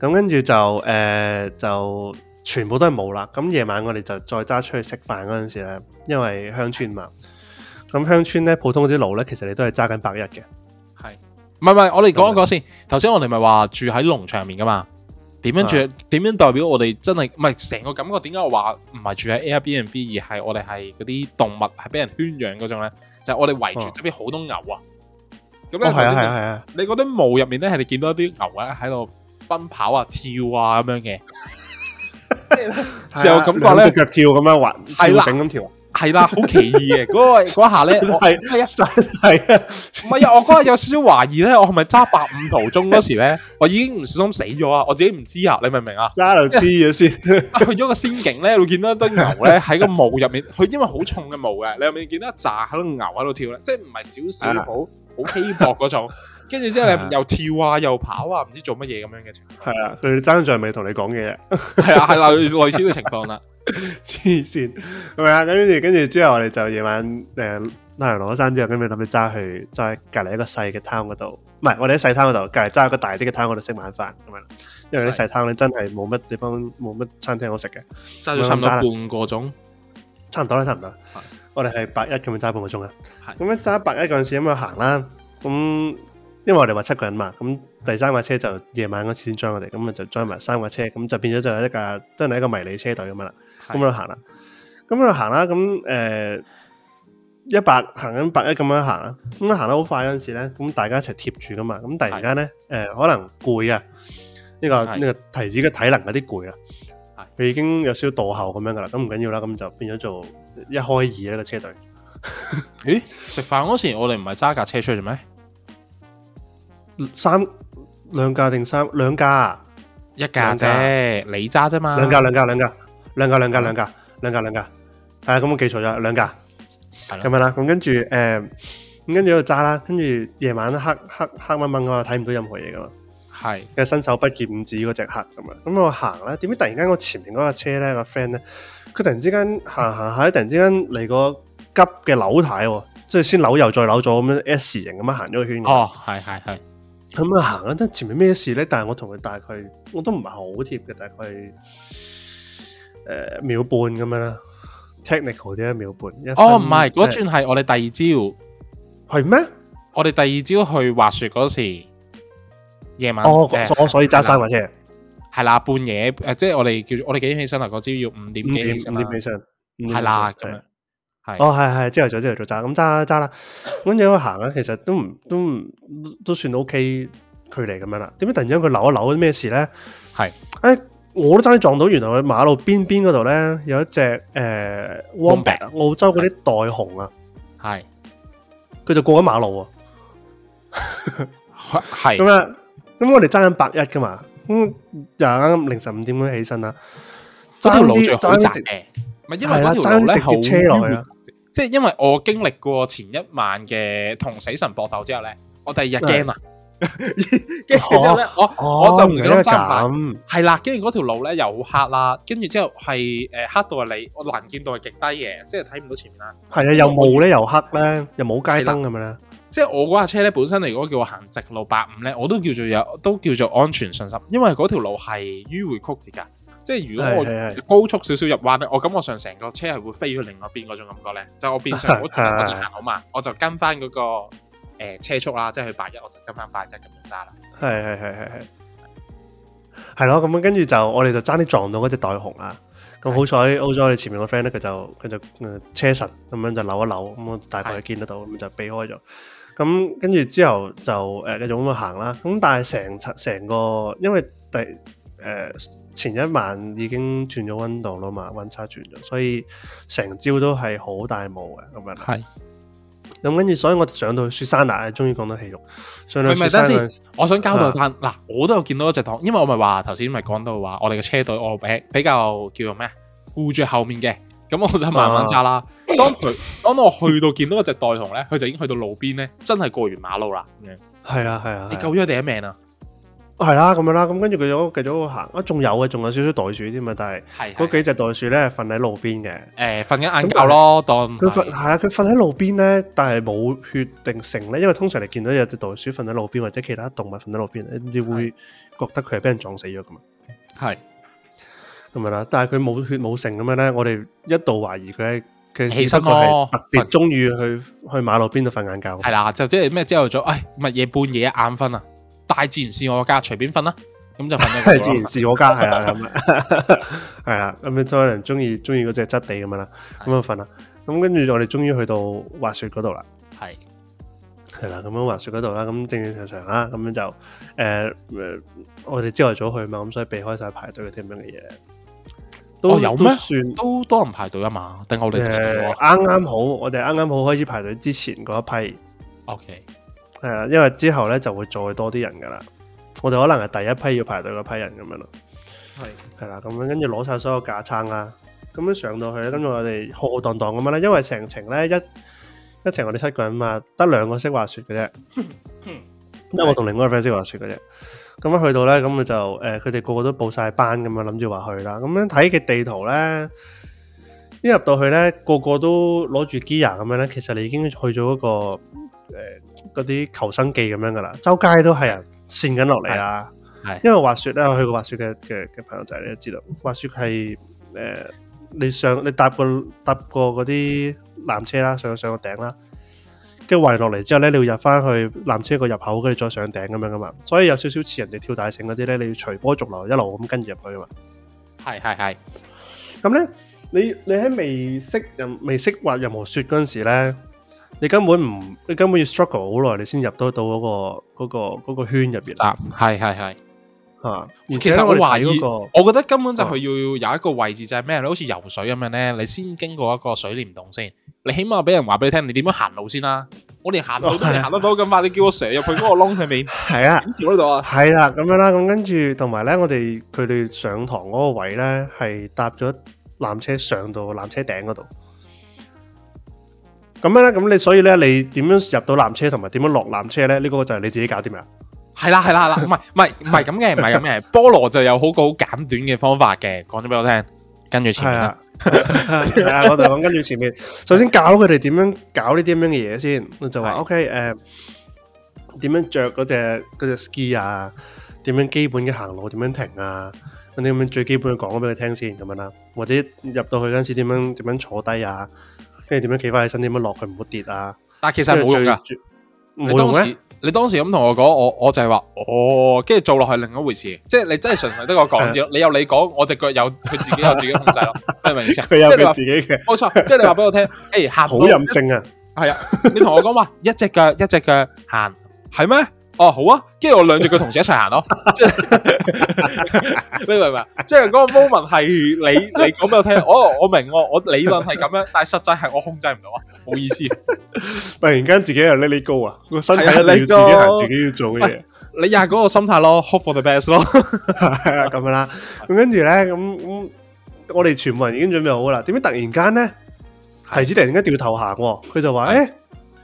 咁跟住就誒就。呃就全部都係冇啦，咁夜晚我哋就再揸出去食飯嗰陣時咧，因為鄉村嘛，咁鄉村咧普通嗰啲路咧，其實你都係揸緊百日嘅。係，唔係唔係，我哋講一講先。頭先、嗯、我哋咪話住喺農場入面噶嘛？點樣住？點、啊、樣代表我哋真係唔係成個感覺？點解我話唔係住喺 Airbnb 而係我哋係嗰啲動物係俾人圈養嗰種咧？就係、我哋圍住周邊好多牛啊！咁咧，係係係，啊啊啊、你嗰啲霧入面咧係你見到一啲牛啊喺度奔跑啊、跳啊咁樣嘅。成日、 [MUSIC] 啊、感覺咧，腳跳咁樣滑，跳繩咁跳係啦，好、啊啊、奇異嘅嗰個嗰一下咧，我係一瞬，係啊，唔係啊，啊，啊，啊，啊，我嗰日有少少懷疑咧，我係咪揸八五途中嗰時咧， [LAUGHS] 我已經唔小心死咗啊，我自己唔知啊，你明唔明啊？揸就知嘅先， [LAUGHS] 去咗個仙境咧，你會見到一堆牛咧喺個霧入面，佢因為好重嘅霧嘅，你有冇見到一扎喺度牛喺度跳咧？即係唔係少少好好稀薄嗰種？ [LAUGHS] 跟住之後，你又跳啊，又跑啊，唔知做乜嘢咁樣嘅情況。係啊，佢哋爭在未同你講嘅嘢。係啊，係類類似嘅情況啦。黐線，係咪啊？跟住跟住之後，我哋就夜晚誒拉完羅山之後，咁咪諗住揸去揸隔離一個細嘅 town 嗰度。唔係，我哋喺細 town 嗰度隔離揸一個大啲嘅 town 嗰度食晚飯，咁樣。因為啲細 town 咧真係冇乜地方，冇乜餐廳好食嘅。揸咗差唔多半個鐘，差唔多啦，差唔多。我哋係八一咁樣揸半個鐘啊。係。咁樣揸八一嗰陣時咁樣行啦，咁。因為我哋話七個人嘛，咁第三架車就夜晚嗰陣時先裝我哋，咁啊就裝埋三架車，咁就變咗就係一架真係一個迷你車隊咁樣啦。咁啊是的 行啦，咁啊行啦，咁誒一百行緊百一咁樣行啦，咁行得好快嗰陣時咧，咁大家一齊貼住噶嘛，咁突然間咧，誒是的、呃、可能攰啊，呢、呢個呢是的 個提子嘅體能有啲攰啊，佢已經有少少墮後咁樣噶啦，咁唔緊要啦，咁就變咗做一開二的一個車隊誒。咦？食飯嗰時我哋唔係揸架車出去做咩？三兩架定三兩架一架啫，架你揸啫嘛？兩架兩架兩架兩架兩架兩架兩架，兩架？係啊。咁我記錯咗，兩架係咁咪啦。咁跟住誒，咁跟住就揸啦。跟住夜、呃、晚黑黑黑掹掹我睇唔到任何嘢噶嘛。係嘅，伸手不見五指嗰隻黑咁啊。咁我行啦，點知突然間我前面嗰架車咧、個 friend 咧，佢突然之間行行下，突然之間嚟個急嘅扭軚喎，即係、嗯啊、先扭右再扭左咁樣 S 型咁樣行咗個圈。哦，係係係。咁啊行啊，但前面咩事咧？但係我同佢大概，我都唔係好貼嘅，大概誒、呃、秒半咁樣啦，technical 啫，一秒半。哦唔係，嗰轉係我哋第二朝，係咩嗎？我哋第二朝去滑雪嗰時夜晚。哦，所、呃、所以揸三滑雪，係啦，半夜誒、呃，即係我哋叫，我哋幾點起身啊？嗰朝要五點幾五點起身，係啦咁樣。啦哦，係係，朝頭早之後再揸，咁揸啦揸啦，咁樣行咧，其實都唔都唔都算 O、OK、K 距離咁樣啦。點解突然之間佢扭一扭咩事咧？係的，誒，我都爭撞到，原來佢馬路邊邊嗰度咧有一隻誒，呃嗯、白澳洲嗰啲袋熊啊，係的，佢就過緊馬路啊，係的。咁啊，咁我哋爭緊百一噶嘛，咁就啱凌晨五點咁起身啦，爭路最好唔係因為爭咧直接車落去啊。即係因為我經歷過前一晚嘅同死神搏鬥之後咧，我第二日驚啊！跟住 [LAUGHS] 之後咧，我、哦、我就唔記得咁係啦。跟住嗰條路咧又好黑啦，跟住之後係誒黑到係你，我能見度係極低嘅，即係睇唔到前面啦。係啊，又霧咧，又黑咧，又冇街燈咁樣咧。那即係我嗰架車咧，本身嚟講叫我行直路八五咧，我都叫做有，都叫做安全信心，因為嗰條路係迂迴曲折㗎。即係如果我高速少少入彎咧，是是是我感覺上成個車係會飛去另外邊嗰種感覺咧，就我變成好正常行好嘛，我就跟翻嗰、那個誒、呃、車速啦，即係去八一，我就跟翻八一咁樣揸啦。係係係係係，係咯，咁跟住就我哋就爭啲撞到嗰隻袋熊啦。咁是的 好彩，好彩，我哋前面個 friend 咧，佢就佢就誒車神咁樣就扭一扭，咁我大概見得到，咁是的 就避開咗。咁跟住之後就誒、呃、繼續咁樣行啦。咁但係成成個因為第。誒，前一晚已經轉咗温度啦嘛，温差轉咗，所以成朝都係好大霧嘅咁樣。係咁跟住，所以我上到雪山啊，終於講到戲肉。上到雪山，去我想交代翻嗱，啊、我都有見到一隻袋，因為我咪話頭先咪講到話，我哋嘅車隊我比比較叫做咩，顧住後面嘅，咁我就慢慢揸啦。啊、當佢當我去到見到嗰隻袋熊咧，佢 [LAUGHS] 就已經去到路邊咧，真係過完馬路啦。係啊係啊，是啊是啊你救咗佢第一命啊！係啦，咁、啊、樣啦，咁跟住佢仲繼續行，啊，仲有嘅，仲有，有少少袋鼠添啊，但係嗰幾隻袋鼠咧，瞓喺路邊嘅，誒是，瞓緊晏覺咯，當佢瞓係啊，佢瞓喺路邊咧，但係冇血定性咧，因為通常你見到有隻袋鼠瞓喺路邊或者其他動物瞓喺路邊，你會覺得佢係俾人撞死咗咁嘛？係咁是樣啦，但係佢冇血冇剩咁樣咧，我哋一度懷疑佢，其實佢係特別中意去去馬路邊度瞓晏覺。係啦、啊，就即係咩朝頭早，唉、哎，乜嘢半夜眼瞓啊。大自然是我家，隨便瞓啦，咁就瞓啦。大 [LAUGHS] 自然是我家，係啊，咁啊，係 [LAUGHS] [LAUGHS] 啊，咁樣當然中意中意嗰隻質地咁樣啦，咁啊瞓啦。咁跟住就我哋終於去到滑雪嗰度啦，係係啦，咁樣滑雪嗰度啦，咁正正常常啦、啊！咁樣就誒、呃，我哋朝頭早去嘛，咁所以避開晒排隊嗰啲咁樣嘅嘢，都、哦、有咩？都算都多人排隊啊嘛，定係我哋啱啱好，我哋啱啱好開始排隊之前嗰一批，OK。係啦，因為之後咧就會再多啲人噶啦，我哋可能係第一批要排隊嗰批人咁樣咯。係係啦，咁樣跟住攞晒所有架撐啦，咁樣上到去咧，跟住我哋浩浩蕩蕩咁樣咧，因為成程咧一一程我哋七個人嘛，得兩個識滑雪嘅啫，因為 [LAUGHS] 我同另外個 friend 識滑雪嘅啫。咁樣是去到咧，咁就誒，佢、呃、哋個個都報晒班咁樣諗住話去啦。咁樣睇嘅地圖咧，一入到去咧，個個都攞住 gear 咁樣咧，其實你已經去咗一個誒。呃嗰啲求生技咁樣噶啦，周街都係人，跣緊落嚟啊，因為滑雪咧，我去過滑雪嘅嘅嘅朋友仔，你都知道滑雪係誒，你上你搭個搭個嗰啲纜車啦，上上個頂啦，跟住滑落嚟之後咧，你要入翻去纜車個入口，跟住再上頂咁樣噶嘛，所以有少少似人哋跳大繩嗰啲咧，你要隨波逐流，一路咁跟住入去啊嘛，係係係，咁咧你你喺未識任未識滑任何雪嗰陣時咧？你根本唔，你根本要 struggle 好耐，你先入到到、嗰、嗰個嗰、嗰個嗰、嗰個圈入邊。係係係，吓。啊、其實我懷、嗰個、疑，我覺得根本就係要有一個位置、哦、就係咩、就係？你好似游水咁樣咧，你先經過一個水簾洞先，你起碼俾人話俾你聽，你點樣行路先啦、啊？我連行路都行得到咁嘛。啊、你叫我蛇入去嗰個窿入面？係 [LAUGHS] 啊，咁跳嗰度啊？係啦、啊，咁樣啦、啊。咁跟住，同埋咧，我哋佢哋上堂嗰個位咧，係搭咗纜車上到纜車頂嗰度。咁咧，咁你所以咧，你點樣入到纜車同埋點樣落纜車咧？呢個就係你自己搞掂啊 [LAUGHS] ？係啦，係啦，係啦，唔係，唔係，唔係咁嘅，唔係咁嘅。菠蘿就有好個好簡短嘅方法嘅，講咗俾我聽，跟住前啦、啊。 [LAUGHS] 我哋講跟住前面， [LAUGHS] 首先教佢哋點樣搞呢啲咁樣嘅嘢先。是的就話 O K 誒，點樣着嗰隻嗰隻 ski 啊？點樣基本嘅行路？點樣停啊？咁你咁樣最基本嘅講咗俾佢聽先，咁樣啦。或者入到去嗰陣時，點樣點樣坐低啊？即係點樣企翻起身，點樣落去唔好跌啊！但其實係冇用噶，冇咩？你當時咁同我講，我我就係話，哦，跟住做落去係另一回事，即係你真係純粹得個講字，你有你講，我隻腳有佢自己有自己控制咯，係咪先？佢有佢自己嘅，冇錯。即係你話俾我聽，誒，客好任性啊，係啊，你同我講話，一隻腳一隻腳行，係咩？哦、啊，好啊，跟住我兩隻腳同自己一齊行咯，你明唔明？即係嗰個 moment 係你你講俾我聽，哦、oh，啊，我明我理論係咁樣，但係實際係我控制唔到啊，冇意思。突然間自己又 Lily 呢呢高啊，個身體要自己行、啊，自己要做嘅嘢、哎。你呀嗰個心態咯，hope for the best 咯，係 [LAUGHS] [LAUGHS] 啊咁樣啦。咁跟住咧，咁咁我哋全部人已經準備好噶啦。點解突然間咧，提子突然間掉頭行、啊？佢的就話，誒的、欸，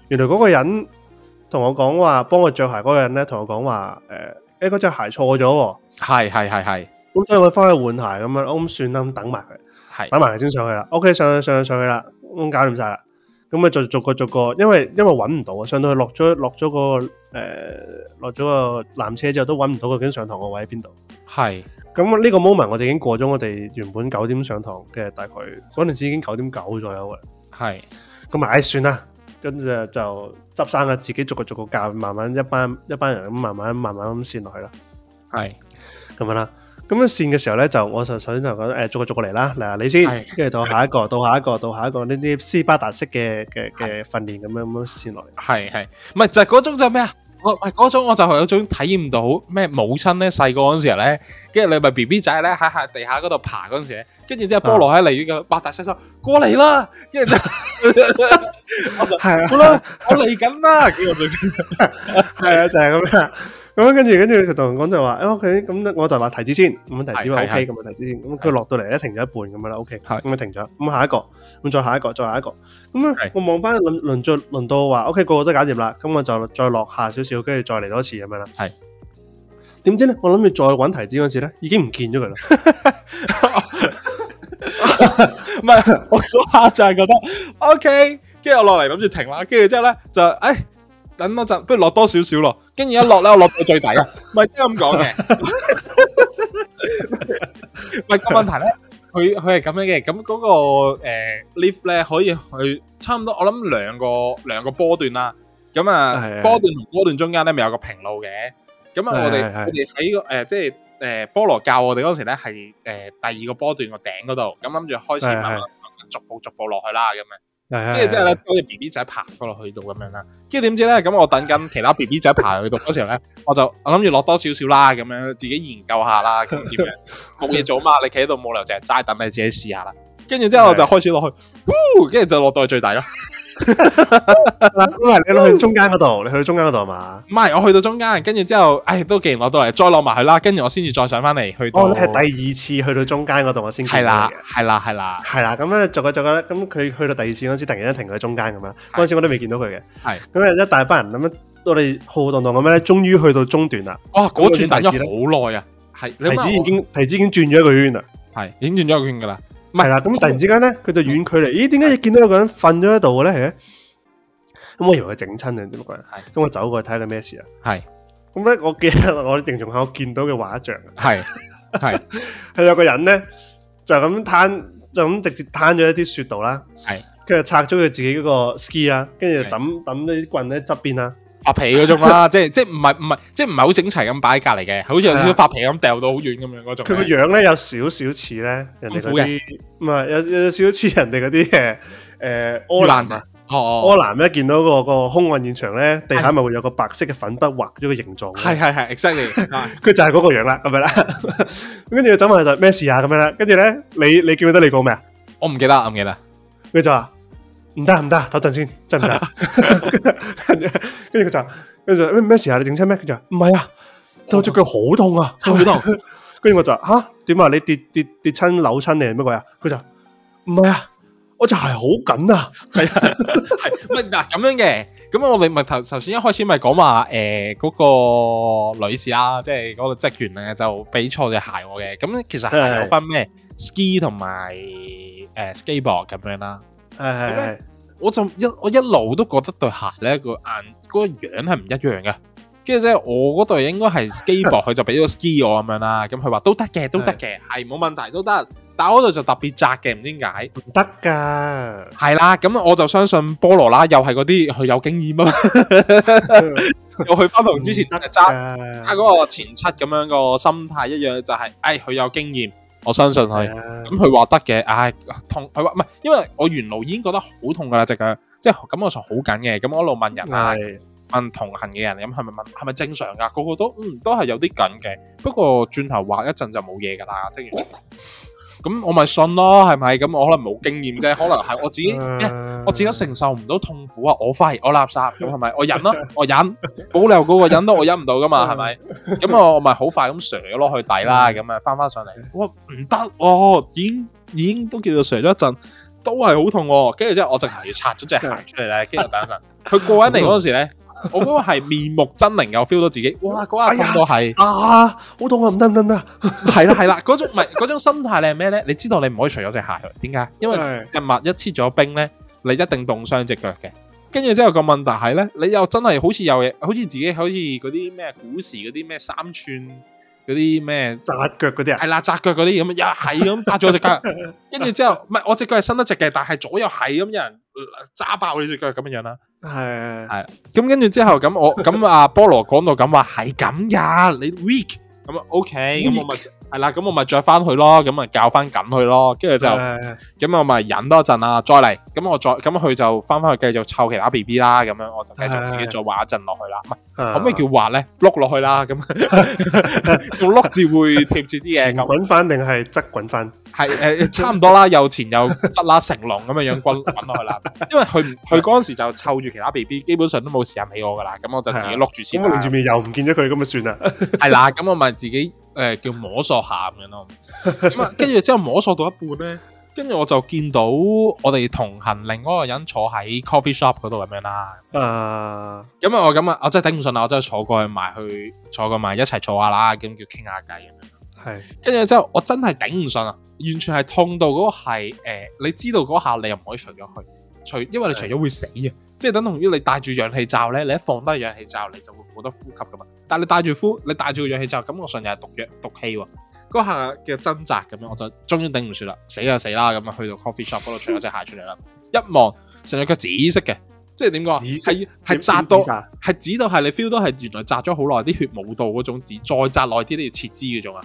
原來嗰個人。同我講話，幫我着鞋嗰個人咧，同我講話，誒，嗰隻鞋錯咗。係係係係。咁所以我翻去換鞋咁樣，我咁算啦，咁等埋佢，等埋佢先上去啦。OK，上去上去上去啦，咁搞掂晒啦。咁啊，逐逐個逐個，因為因為搵唔到啊，上到去落咗落咗個誒落咗個纜車之後，都搵唔到已經是 個跟上堂個位喺邊度。係。咁呢個 moment 我哋已經過咗我哋原本九點上堂嘅大概，嗰陣時已經九點九左右嘅。係是。咁啊，唉，算啦。跟住就執生啊，自己逐個逐個教，慢慢一班一班人咁慢慢慢慢咁線落去啦。係咁是樣啦。咁樣線嘅時候咧，就我就首先就講，誒，逐個逐個嚟啦。嗱，你先，跟住是到下一個，到下一個，到下一個，呢啲斯巴達式嘅嘅嘅訓練咁樣咁線落來。係係是，唔係就係嗰種就咩啊？我嗰種我就係有種體驗到咩母親咧細個嗰時候咧，跟住你咪 B B 仔咧喺地下嗰度爬嗰時候咧，跟住之後菠蘿喺離遠八大西施過嚟啦，跟住就是、 [LAUGHS] [LAUGHS] 我就係是、啊、啦， [LAUGHS] 我嚟緊啦，係啊，就係、是、咁樣。咁跟住，跟住就同人講就話，誒，O K，咁我就話提子先，咁樣提子 O K，咁樣提子先，咁佢落到嚟咧停咗一半咁樣啦，O K，咁咪停咗，咁下一個，咁再下一個，再下一個，咁啊，的我望翻輪輪到輪到話，O K，個個都搞掂啦，咁我就再落下少少，跟住再嚟多次咁樣啦，係。點的知咧？我諗住再搵提子嗰陣時咧，已經唔見咗佢啦。唔係，我下就係覺得 O K，跟住我落嚟諗住停啦，跟住之後咧就誒。哎等多陣，不如落多少少咯。跟住一落咧，我落到最底啊！唔係即係咁講嘅，咪、 [LAUGHS] [LAUGHS] 那個問題咧，佢佢係咁樣嘅。咁嗰、那個誒、呃、lift 咧，可以去差唔多，我諗兩個兩個波段啦。咁啊，是是是波段同波段中間咧，咪是有個平路嘅。咁啊，是是是我哋我哋喺個誒、呃，即係誒，菠、呃、蘿教我哋嗰時咧，係誒、呃、第二個波段個頂嗰度。咁諗住開始慢慢逐步是是是逐步落去啦，咁啊。跟住之後咧，嗰隻 B B 仔爬過落去到咁樣啦。跟住點知咧？咁我等緊其他 B B 仔爬去到嗰時候咧，我就我諗住落多少少啦，咁樣自己研究下啦，咁點樣冇嘢做嘛？你企喺度冇理由淨係齋等你自己試下啦。跟住之後我就開始落去，跟住是是 就落到去最底咯。嗱，唔係 [LAUGHS] [LAUGHS] 你去中間嗰度，你去到中間嗰度嘛？唔係，我去到中間，跟住之後，唉，都記唔落到嚟，再落埋去啦，跟住我先至再上翻嚟去到。到係、哦、第二次去到中間嗰度，我先見佢嘅。係啦，係啦，係啦，係、嗯、啦，咁咧，逐個逐個咧，咁佢去到第二次嗰陣時，突然間停喺中間咁樣，嗰陣時我都未見到佢嘅。係的，咁啊一大班人咁樣，我哋浩浩蕩蕩咁樣咧，終於去到中段啦。哦，嗰轉等咗好耐啊，係提子已經提子已經轉咗一個圈啦，係已經轉咗一個圈噶啦。唔係啦，咁突然之間呢，佢就遠距離，的咦？點解你見到有個人瞓咗喺度嘅呢？咁我以為佢整親嘅，點解的？咁我走過去睇下咩事啊？係的，咁我記得我形容下我見到嘅畫像啊。係的， [LAUGHS] 有個人呢，就咁癱就咁直接癱咗一啲雪度啦。跟住的就拆咗佢自己嗰個 ski 啊，跟住抌抌啲棍喺側邊啦。發皮嗰種啦，即係即係唔係唔係，即係唔係好整齊咁擺喺隔籬嘅，好似有少少發皮咁掉到好遠咁樣嗰種。佢個樣咧有少少似咧人哋嗰啲，唔係有有少少似人哋嗰啲誒誒柯南啊，柯南咧見到個個兇案現場咧，地下咪會有個白色嘅粉筆畫咗個形狀，係係係，exactly，佢就係嗰個樣啦，係咪啦。跟住佢走埋嚟就咩事啊咁樣啦，跟住咧你你記唔記得你講咩啊？我唔記得，唔記得，佢就。唔得唔得，等陣先，真係唔得。跟住佢就，跟住咩咩事啊？你整親咩？佢就唔係啊，我隻腳好痛啊，好、哦、痛。跟住我就，吓點啊？你跌跌跌親扭親定係乜鬼啊？佢就唔係啊，我隻鞋好緊啊，係 [LAUGHS] 啊，係。 [LAUGHS] 喂，嗱咁樣嘅，咁我哋咪頭頭先一開始咪講話誒嗰個女士啦，即係嗰個職員咧就俾錯隻鞋我嘅。咁其實鞋有分咩 ski 是同埋誒、呃、skateboard 咁樣啦。係係係，我就一我一路都覺得對鞋咧，個眼嗰個樣係唔一樣嘅，跟住咧我嗰對應該係 ski，佢就俾咗 ski 我咁樣啦，咁佢話都得嘅，都得嘅，係冇問題都得，但係我對就特別窄嘅，唔知點解唔得噶。係啦，咁我就相信菠蘿啦，又係嗰啲佢有經驗啊，我去翻同之前單日揸揸嗰個前七咁樣個心態一樣，就係，哎，佢有經驗。我相信佢，咁佢話得嘅，唉、嗯哎，痛，佢話唔係，因為我原路已經覺得好痛噶啦隻腳，即係咁我就好緊嘅，咁我一路問人的啊，問同行嘅人，咁係咪問係咪正常噶？個個都嗯都係有啲緊嘅，不過轉頭滑一陣就冇嘢噶啦，即咁我咪信咯，係咪？咁我可能冇經驗啫， [LAUGHS] 可能係我自己，uh、我自己承受唔到痛苦啊！我廢，我垃圾咁，係咪？我忍咯， [LAUGHS] 我忍，冇留嗰個忍得， [LAUGHS] 我忍唔到噶嘛，係咪？ [LAUGHS] 咁我咪好快咁瀡咗落去抵啦，咁啊翻翻上嚟，哇唔得哦，已經已經都叫做瀡咗一陣。都係好痛，啊，跟住之後我就直要拆咗隻鞋出嚟咧。跟住等一陣佢過緊嚟嗰陣時咧， [LAUGHS] 我嗰個係面目猙獰，又 feel 到自己哇嗰下咁多係啊，好痛啊！唔得唔得唔得，係啦係啦嗰種唔係嗰種心態咧係咩咧？你知道你唔可以除咗隻鞋，去，點解？因為隻襪一黐咗冰咧，你一定凍傷隻腳嘅。跟住之後個問題係咧，你又真係好似有嘢，好似自己好似嗰啲咩古時嗰啲咩三寸。嗰啲咩紮腳嗰啲啊，係啦，紮腳嗰啲咁啊，又係咁拍咗隻腳，跟住 [LAUGHS] 之後，唔係我隻腳係伸得直嘅，但係左右係咁有人揸、呃、爆我呢隻腳咁嘅樣啦。係係， [LAUGHS] 咁跟住之後，咁我咁阿、啊、 [LAUGHS] 菠蘿講到咁話係咁呀，你 weak 咁啊，OK，咁 We ak? 我咪。係啦，咁我咪再翻去咯，咁咪教翻緊佢咯，跟住就，咁的我咪忍多一陣啦，再嚟，咁我再，咁佢就翻翻去繼續湊其他 BB 啦，咁樣我就繼續自己再滑一陣落去啦。咁咩叫滑咧？碌落去啦，咁用碌字會貼住啲嘢。滾翻定係側滾翻？係誒，差唔多啦， [LAUGHS] 又前又側啦，成龍咁樣樣滾 [LAUGHS] 滾落去啦。因為佢佢嗰陣時就湊住其他 BB，基本上都冇時間理我噶啦，咁我就自己碌住的先來。我住面又唔見咗佢，咁咪算啦。係啦，咁我咪自己。誒，叫摸索下咁樣咯，咁啊，跟住之後摸索到一半咧，跟住我就見到我哋同行另外一個人坐喺 coffee shop 嗰度咁樣啦。誒，咁啊、uh，我咁啊，我真係頂唔順啊，我真係坐過去埋去，坐過去埋一齊坐下啦，咁叫傾下偈咁樣。係，跟住之後我真係頂唔順啊，完全係痛到嗰個係，誒、呃，你知道嗰下你又唔可以除咗去，除因為你除咗會死嘅。」即係等同於你戴住氧氣罩咧，你一放低氧氣罩，你就會冇得呼吸噶嘛。但係你戴住呼，你戴住個氧氣罩，感覺上又係毒藥、毒氣喎、啊。嗰下嘅掙扎咁樣，我就終於頂唔住啦，死就死啦咁啊，去到 coffee shop 嗰度，除咗隻鞋出嚟啦。一望，成隻腳紫色嘅，即係點講係係係扎到，係紫色到係你 feel 到係原來紮咗好耐，啲血冇到嗰種紫，再紮耐啲都要截肢嗰種啊！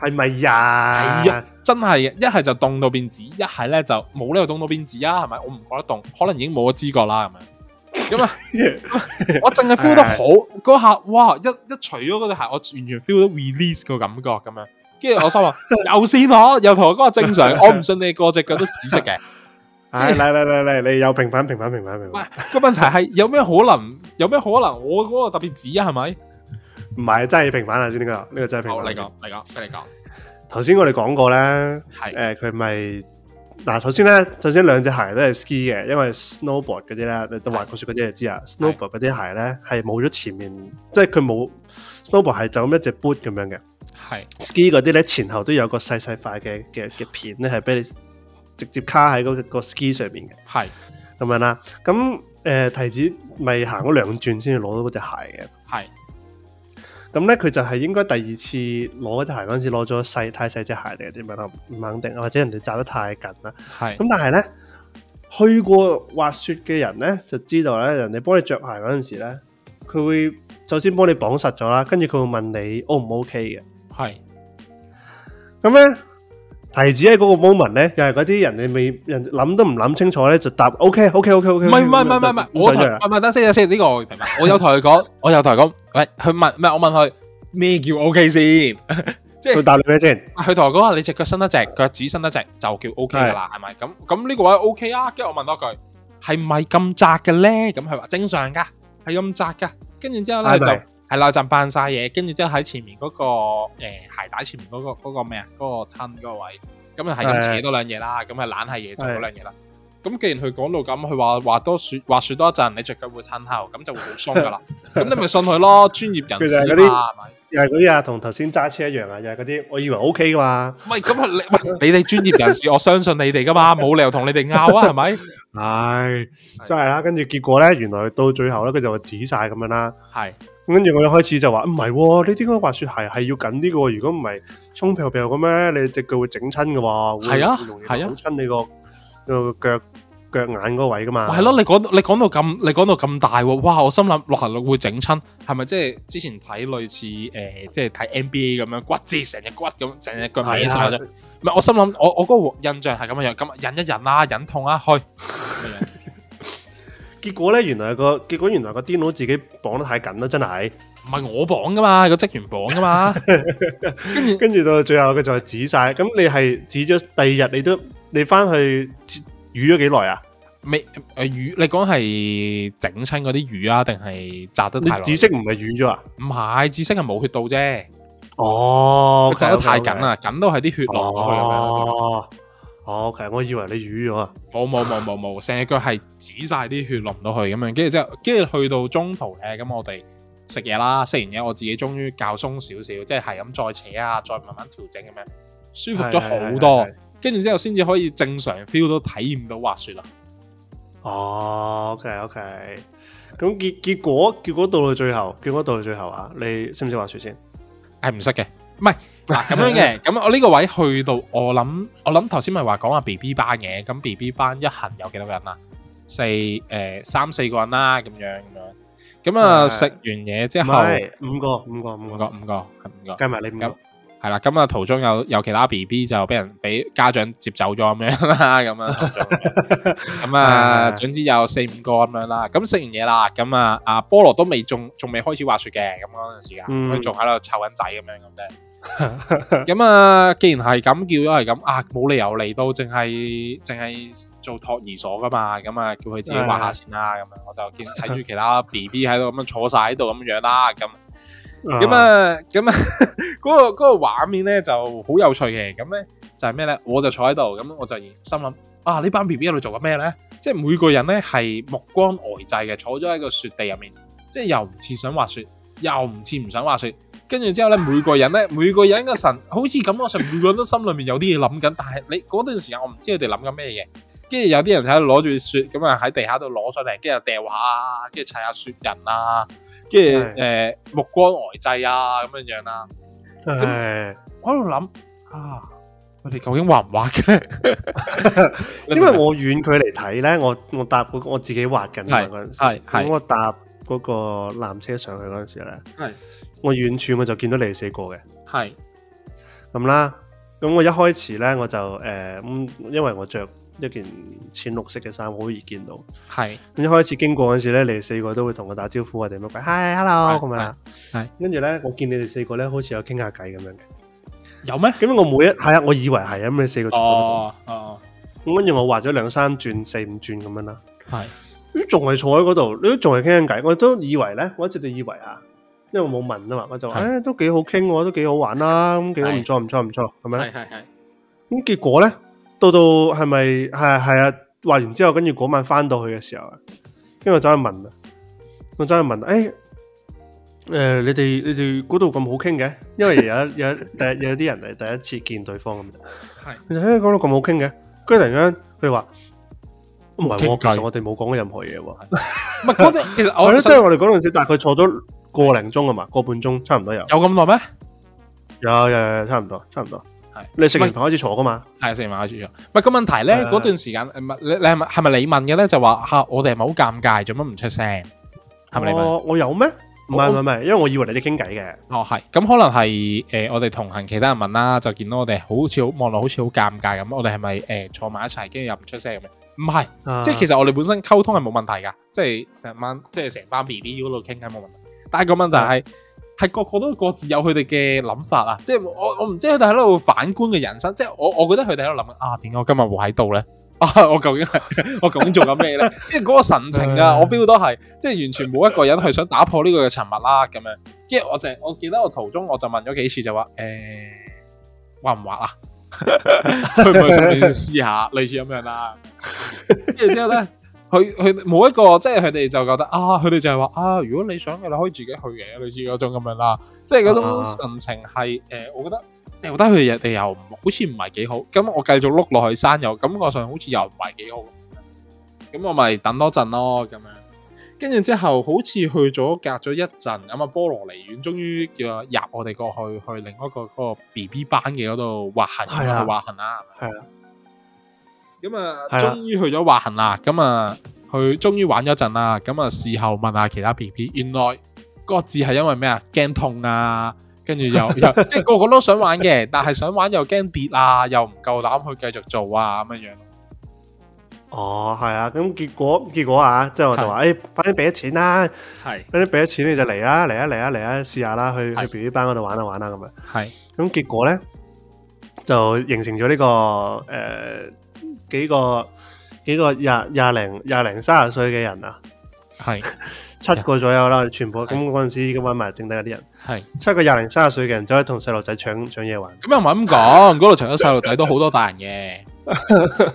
係咪呀？係呀、啊，真係嘅。一係就凍到變紫，一係咧就冇呢個凍到變紫啊？係咪？我唔覺得凍，可能已經冇咗知覺啦。咁 [LAUGHS] 樣，咁啊，我淨係 feel 得好嗰下、哎哎，哇！一一除咗嗰隻鞋，我完全 feel 到 release 個感覺咁樣。跟住我心話： [LAUGHS] 又線我又同我講話正常， [LAUGHS] 我唔信你個隻腳都紫色嘅。唉 [LAUGHS] 樣，嚟嚟嚟嚟，你有平反平反平反平反。喂，個問題係有咩可能？有咩可能？我嗰個特別紫啊？係咪？唔係，真係平板啦！先、這、呢個，呢、這個真係平板。好、哦，你講，你講，你講。頭先我哋講過咧，佢咪嗱，首先咧，首先兩隻鞋都係 ski 嘅，因為 snowboard 嗰啲咧，是你都滑雪嗰啲就知啊。是 snowboard 嗰啲鞋咧係冇咗前面，是即係佢冇 snowboard 係就咁一隻 boot 咁樣嘅。是 ski 嗰啲咧，前後都有個細細塊嘅嘅嘅片咧，係俾你直接卡喺嗰個 ski 上面嘅。咁是樣啦，咁、呃、提子咪行咗兩轉先至攞到嗰隻鞋嘅。咁咧，佢就係應該第二次攞隻鞋嗰陣時，攞咗細太細隻鞋嚟，點樣咯？唔肯定，或者人哋紮得太緊啦。咁是但係咧，去過滑雪嘅人咧，就知道咧，人哋幫你著鞋嗰陣時咧，佢會首先幫你綁實咗啦，跟住佢會問你 O 唔 OK 嘅。係是。咁咧。係指喺嗰個 moment 咧，又係嗰啲人你未人諗都唔諗清楚咧就答 OK OK OK OK，唔係唔係唔係唔係我同唔係等先啊先，呢個我有同佢講，我有同佢講，喂，佢問唔係我問佢咩叫 OK 先，即係佢答你咩先？佢同我講你隻腳伸得直腳趾伸得直就叫 OK 啦，係咪咁咁呢個位 OK 啊？跟住我問多句係咪咁窄嘅咧？咁佢話正常㗎，係咁窄㗎。跟住之後咧就。係內陣扮晒嘢，跟住之後喺前面嗰個誒鞋帶前面嗰個嗰個咩啊？嗰個撐嗰個位，咁啊係咁扯，多兩嘢啦，咁啊攋下嘢就做兩嘢啦。咁既然佢講到咁，佢話話多說話說多一陣，你著腳會撐後，咁就會好鬆噶啦。咁你咪信佢咯，專業人士啊，又係嗰啲啊，同頭先揸車一樣啊，又係嗰啲。我以為 O K 噶嘛，唔係咁啊，你你哋專業人士，我相信你哋噶嘛，冇理由同你哋拗啊，係咪？係，真係啦。跟住結果咧，原來到最後咧，佢就話紫晒咁樣啦。係。跟住我一開始就話唔係，你啲個滑雪鞋係要緊啲嘅。如果唔係，鬆漂漂嘅咩？你隻腳會整親嘅話，係啊，係啊，整親你個個腳腳眼嗰個位嘅嘛。係咯，你講你講到咁，你講到咁大喎，哇！我心諗落行落會整親，係咪即係之前睇類似誒，即係睇 NBA 咁樣骨折成隻骨咁，成隻腳歪曬咗。唔係，我心諗我我嗰個印象係咁樣樣，咁忍一忍啦，忍痛啦，去。結果咧，原來個結果原來個電腦自己綁得太緊啦，真係。唔係我綁噶嘛，個職員綁噶嘛。 [LAUGHS] 跟住着 着到最後佢就止晒。咁你係指咗第二日，你都你翻去淤咗幾耐啊？未誒淤？你講係整親嗰啲淤啊，定係紮得太？啲紫色唔係淤咗啊？唔係紫色係冇血道啫。哦，紮得太緊啦，緊到係啲血落去，哦。啊」哦，其實、oh, okay. 我以為你瘀咗啊！冇冇冇冇冇，成隻腳係止晒啲血落唔到去咁樣，跟住之後，跟住去到中途咧，咁我哋食嘢啦，食完嘢我自己終於較鬆少少，即係係咁再扯啊，再慢慢調整咁樣，舒服咗好多。跟住之後先至可以正常 feel 到體驗到滑雪啦。哦、oh，OK OK，咁結結果結果到到最後，結果到到最後啊，你識唔識滑雪先？係唔識嘅，唔係。嗱咁、 [LAUGHS] 啊、樣嘅，咁我呢個位去到我，我諗我諗頭先咪話講啊 B B 班嘅，咁 B B 班一行有幾多個人、啊 4, 呃、3, 個人啊？四誒三四個人啦，咁樣咁樣，咁啊食完嘢之後，五個五個五個五個五個，計埋你五個，係啦，咁啊途中有有其他 B B 就俾人俾家長接走咗咁樣啦，咁樣咁啊的總之有四五個咁樣啦，咁食完嘢啦，咁啊阿菠蘿都未仲仲未開始滑雪嘅，咁嗰陣時間佢仲喺度湊緊仔咁樣咁啫。咁 [LAUGHS] 啊，既然係咁叫咗係咁啊，冇理由嚟到淨係淨係做托兒所噶嘛？咁啊，叫佢自己畫下線啦。咁樣 [LAUGHS] 我就見睇住其他 B B 喺度咁樣坐晒喺度咁樣啦。咁咁啊，咁啊，嗰、那個嗰、那個畫面咧就好有趣嘅。咁咧就係咩咧？我就坐喺度，咁我就心諗啊，班 BB 呢班 B B 喺度做緊咩咧？即、就、係、是、每個人咧係目光呆滯嘅，坐咗喺個雪地入面，即、就、係、是、又唔似想滑雪，又唔似唔想滑雪。跟住之後咧，每個人咧，每個人嘅神，好似感覺上每個人都心裏面有啲嘢諗緊。但係你嗰段時間，我唔知佢哋諗緊咩嘢。跟住有啲人喺度攞住雪，咁啊喺地下度攞上嚟，跟住掉下，跟住砌下雪人是、呃呃、啊，跟住誒木光呆制目光呆滯啊咁樣樣是我喺度諗啊，我哋究竟畫唔畫滑唔滑嘅？ [LAUGHS] [LAUGHS] 因為我遠距遠距離嚟睇咧，我我搭、那個、我自己滑緊陣時。係我搭嗰個纜車上去嗰陣時咧。係。我遠處我就見到你哋四個嘅，係咁啦。咁我一開始咧，我就誒咁、呃，因為我着一件淺綠色嘅衫，好易見到。係是咁一開始經過嗰時咧，你哋四個都會同我打招呼我，我哋乜鬼？係，hello 咁樣。係跟住咧，我見你哋四個咧，好似有傾下偈咁樣嘅。有咩？咁我每一下，我以為係啊，咁你四個坐喺度。哦，咁跟住我畫咗兩三轉、四五轉咁樣啦。係是，仲係坐喺嗰度，你仲係傾緊偈，我都以為咧，我一直都以為嚇。因為冇問啊嘛，我就話誒是的、哎，都幾好傾，都幾好玩啦，咁幾好，唔錯唔錯唔錯，係咪咧？咁是的 結果咧，到到係咪係係啊？話完之後，跟住嗰晚返到去嘅時候啊，因為我走去問啊，我走去問誒，誒、哎呃，你哋你哋嗰度咁好傾嘅？因為有有第有啲人係第一次見對方咁樣，係你睇下到咁好傾嘅，居然突然間佢哋話唔係我其實我哋冇講過任何嘢喎，係其實我哋嗰陣時，大概坐咗。個零鐘啊嘛，個半鐘差唔多有。有咁耐咩？有有有，差唔多，差唔多。係是你食完飯開始坐噶嘛？係食完飯開始坐。唔係個問題咧，嗰、呃、段時間唔係你你係咪係咪你問嘅咧？就話吓、啊、我哋係咪好尷尬？做乜唔出聲？係咪、呃、你問？我我有咩？唔係唔係唔係，因為我以為你哋傾偈嘅。哦，係咁可能係誒、呃，我哋同行其他人問啦，就見到我哋好似望落好似好尷尬咁。我哋係咪誒坐埋一齊，跟住又唔出聲咁嘅？唔係，呃、即係其實我哋本身溝通係冇問題噶。即係成班即係成班 B B U 喺度傾緊冇問題。但係個問題、就、係、係，係個個都各自有佢哋嘅諗法啊！即係我我唔知佢哋喺度反觀嘅人生，即係我我覺得佢哋喺度諗啊！點解我今日會喺度咧？啊！我究竟係我究竟做緊咩咧？ [LAUGHS] 即係嗰個神情啊！我 feel 到係，即係完全冇一個人係想打破呢個嘅沉默啦、啊、咁樣。跟住我就我記得我途中我就問咗幾次就說，就話誒滑唔滑啊？去唔去順便試下 [LAUGHS] 類似咁樣啦、啊？跟住之後咧～佢佢冇一個，即係佢哋就覺得啊，佢哋就係話啊，如果你想嘅，你可以自己去嘅，類似嗰種咁樣啦。即係嗰種神情係誒、uh huh. 呃，我覺得又得佢哋又好似唔係幾好。咁我繼續碌落去山，又感覺上好似又唔係幾好。咁我咪等多陣咯咁樣。跟住之後好似去咗隔咗一陣，咁啊菠蘿離遠，終於叫入我哋過去去另一個嗰、嗰個 BB 班嘅嗰度滑行去 Yeah. 滑行啦。係啊 Yeah. 吧。Yeah. 咁啊，終於去咗玩啦！咁啊，佢終於玩咗陣啦。咁啊，事後問下其他 B B，原來各自係因為咩啊？驚痛啊！跟住又又即係個個都想玩嘅，但係想玩又驚跌啊，又唔夠膽去繼續做啊咁樣樣。哦，係啊！咁結果結果啊，即係我就話，誒，快啲俾啲錢啦！係，快啲俾啲錢你就嚟啦，嚟啊嚟啊嚟啊，試下啦，去去 B B 班嗰度玩下玩下咁啊！係。咁結果呢就形成咗呢個誒。幾個幾個廿廿零廿零卅歲嘅人啊，係七個左右啦，全部咁嗰陣時已經揾埋剩低嗰啲人，係七個廿零卅歲嘅人走去同細路仔搶搶嘢玩，咁又唔係咁講，嗰度除咗細路仔都好多大人嘅，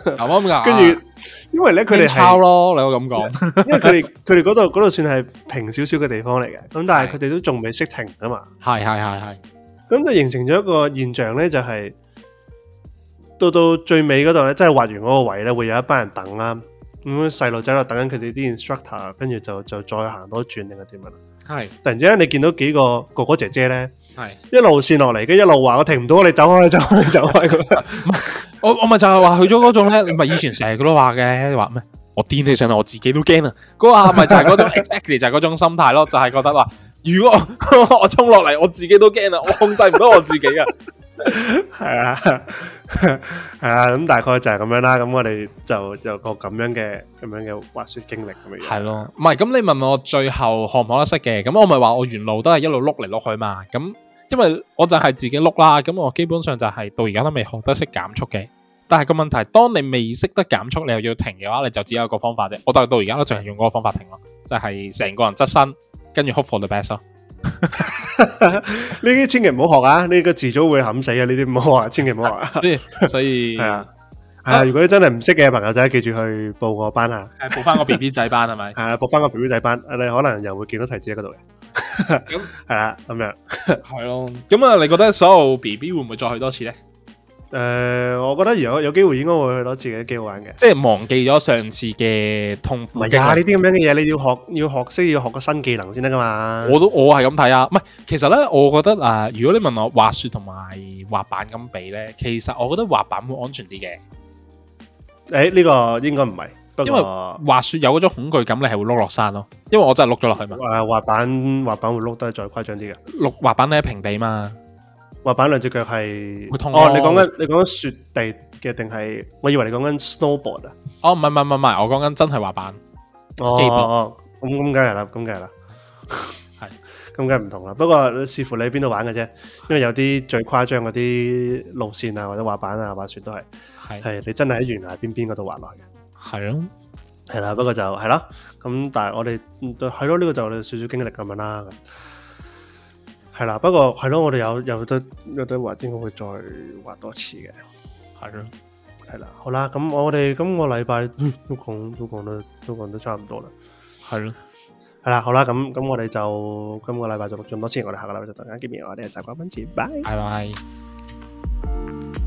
啱唔啱啊？跟住因為咧，佢哋敲咯，你可以咁講，因為佢哋佢哋嗰度嗰度算係平少少嘅地方嚟嘅，咁但係佢哋都仲未識停噶嘛，係係係係，咁就形成咗一個現象咧，就係。到到最尾嗰度咧，即係滑完嗰個位咧，會有一班人等啦。咁細路仔度等緊佢哋啲 instructor，跟住就就再行多轉定係點樣？係。是突然之間你見到幾個哥哥姐姐咧，係是一路線落嚟，嘅，一路話我停唔到，你走開，你走開，你走開咁 [LAUGHS] 我我咪就係話去咗嗰種咧， [LAUGHS] 你咪以前成日都話嘅話咩？我癲起上嚟我自己都驚啊。嗰個係咪就係嗰種 exactly 就係嗰種心態咯， [LAUGHS] 就係覺得話如果我， [LAUGHS] 我衝落嚟我自己都驚啊，我控制唔到我自己啊。 [LAUGHS] 係 [LAUGHS] 啊，係啊，咁大概就係咁樣啦。咁我哋就就個咁樣嘅咁樣嘅滑雪經歷咁樣。係咯，唔係咁你問我最後學唔學得識嘅？咁我咪話我沿路都係一路碌嚟碌去嘛。咁因為我就係自己碌啦。咁我基本上就係到而家都未學得識減速嘅。但係個問題，當你未識得減速，你又要停嘅話，你就只有一個方法啫。我到到而家都淨係用嗰個方法停咯，就係、是、成個人側身，跟住 hope for the best 呢啲 [LAUGHS] 千祈唔好學啊！呢個遲早會冚死啊！呢啲唔好學，千祈唔好學、啊所。所以係 [LAUGHS] 啊，啊如果你真係唔識嘅朋友仔，啊、記住去報個班吓、啊，報翻個 B B 仔班係咪？係 [LAUGHS] 啊，報翻個 B B 仔班， [LAUGHS] 你可能又會見到提子喺嗰度嘅。咁係啦，咁樣係咯。咁啊， [LAUGHS] 啊你覺得所有 B B 會唔會再去多次咧？誒、呃，我覺得如果有機會，應該會，應該會去多次嘅，幾好玩嘅。即係忘記咗上次嘅痛苦的。唔係啊，呢啲咁樣嘅嘢，你要學，要學識，要學個新技能先得噶嘛。我都我係咁睇啊，唔係，其實咧，我覺得啊、呃，如果你問我滑雪同埋滑板咁比咧，其實我覺得滑板會安全啲嘅。誒、哎，呢、這個應該唔係，因為滑雪有嗰種恐懼感，你係會碌落山咯。因為我真係碌咗落去嘛。誒、呃，滑板滑板會碌得再誇張啲嘅。碌滑，滑板咧平地嘛。滑板兩隻腳係，哦，你講緊你講緊雪地嘅定係，我以為你講緊 Snowboard 啊。Oh，哦，唔係唔係唔係，我講緊真係滑板。哦，咁咁梗係啦，咁梗係啦，係，咁梗係唔同啦。不過視乎你喺邊度玩嘅啫，因為有啲最誇張嗰啲路線啊，或者滑板啊、滑雪都係，係是你真係喺懸崖邊邊嗰度滑落去嘅。係咯、啊，係啦、啊，不過就係咯，咁、啊、但係我哋，係咯、啊，呢、這個就少少經歷咁樣啦。係啦，不過係咯，我哋有有得有得話，應該會再畫多次嘅。係咯的，係啦，好啦，咁我哋今個禮拜都講都講得都講得差唔多啦。係咯的，係啦，好啦，咁咁我哋就今個禮拜就錄咗多次，我哋下個禮拜就突然見面，我哋就習慣堅持，拜拜。Bye bye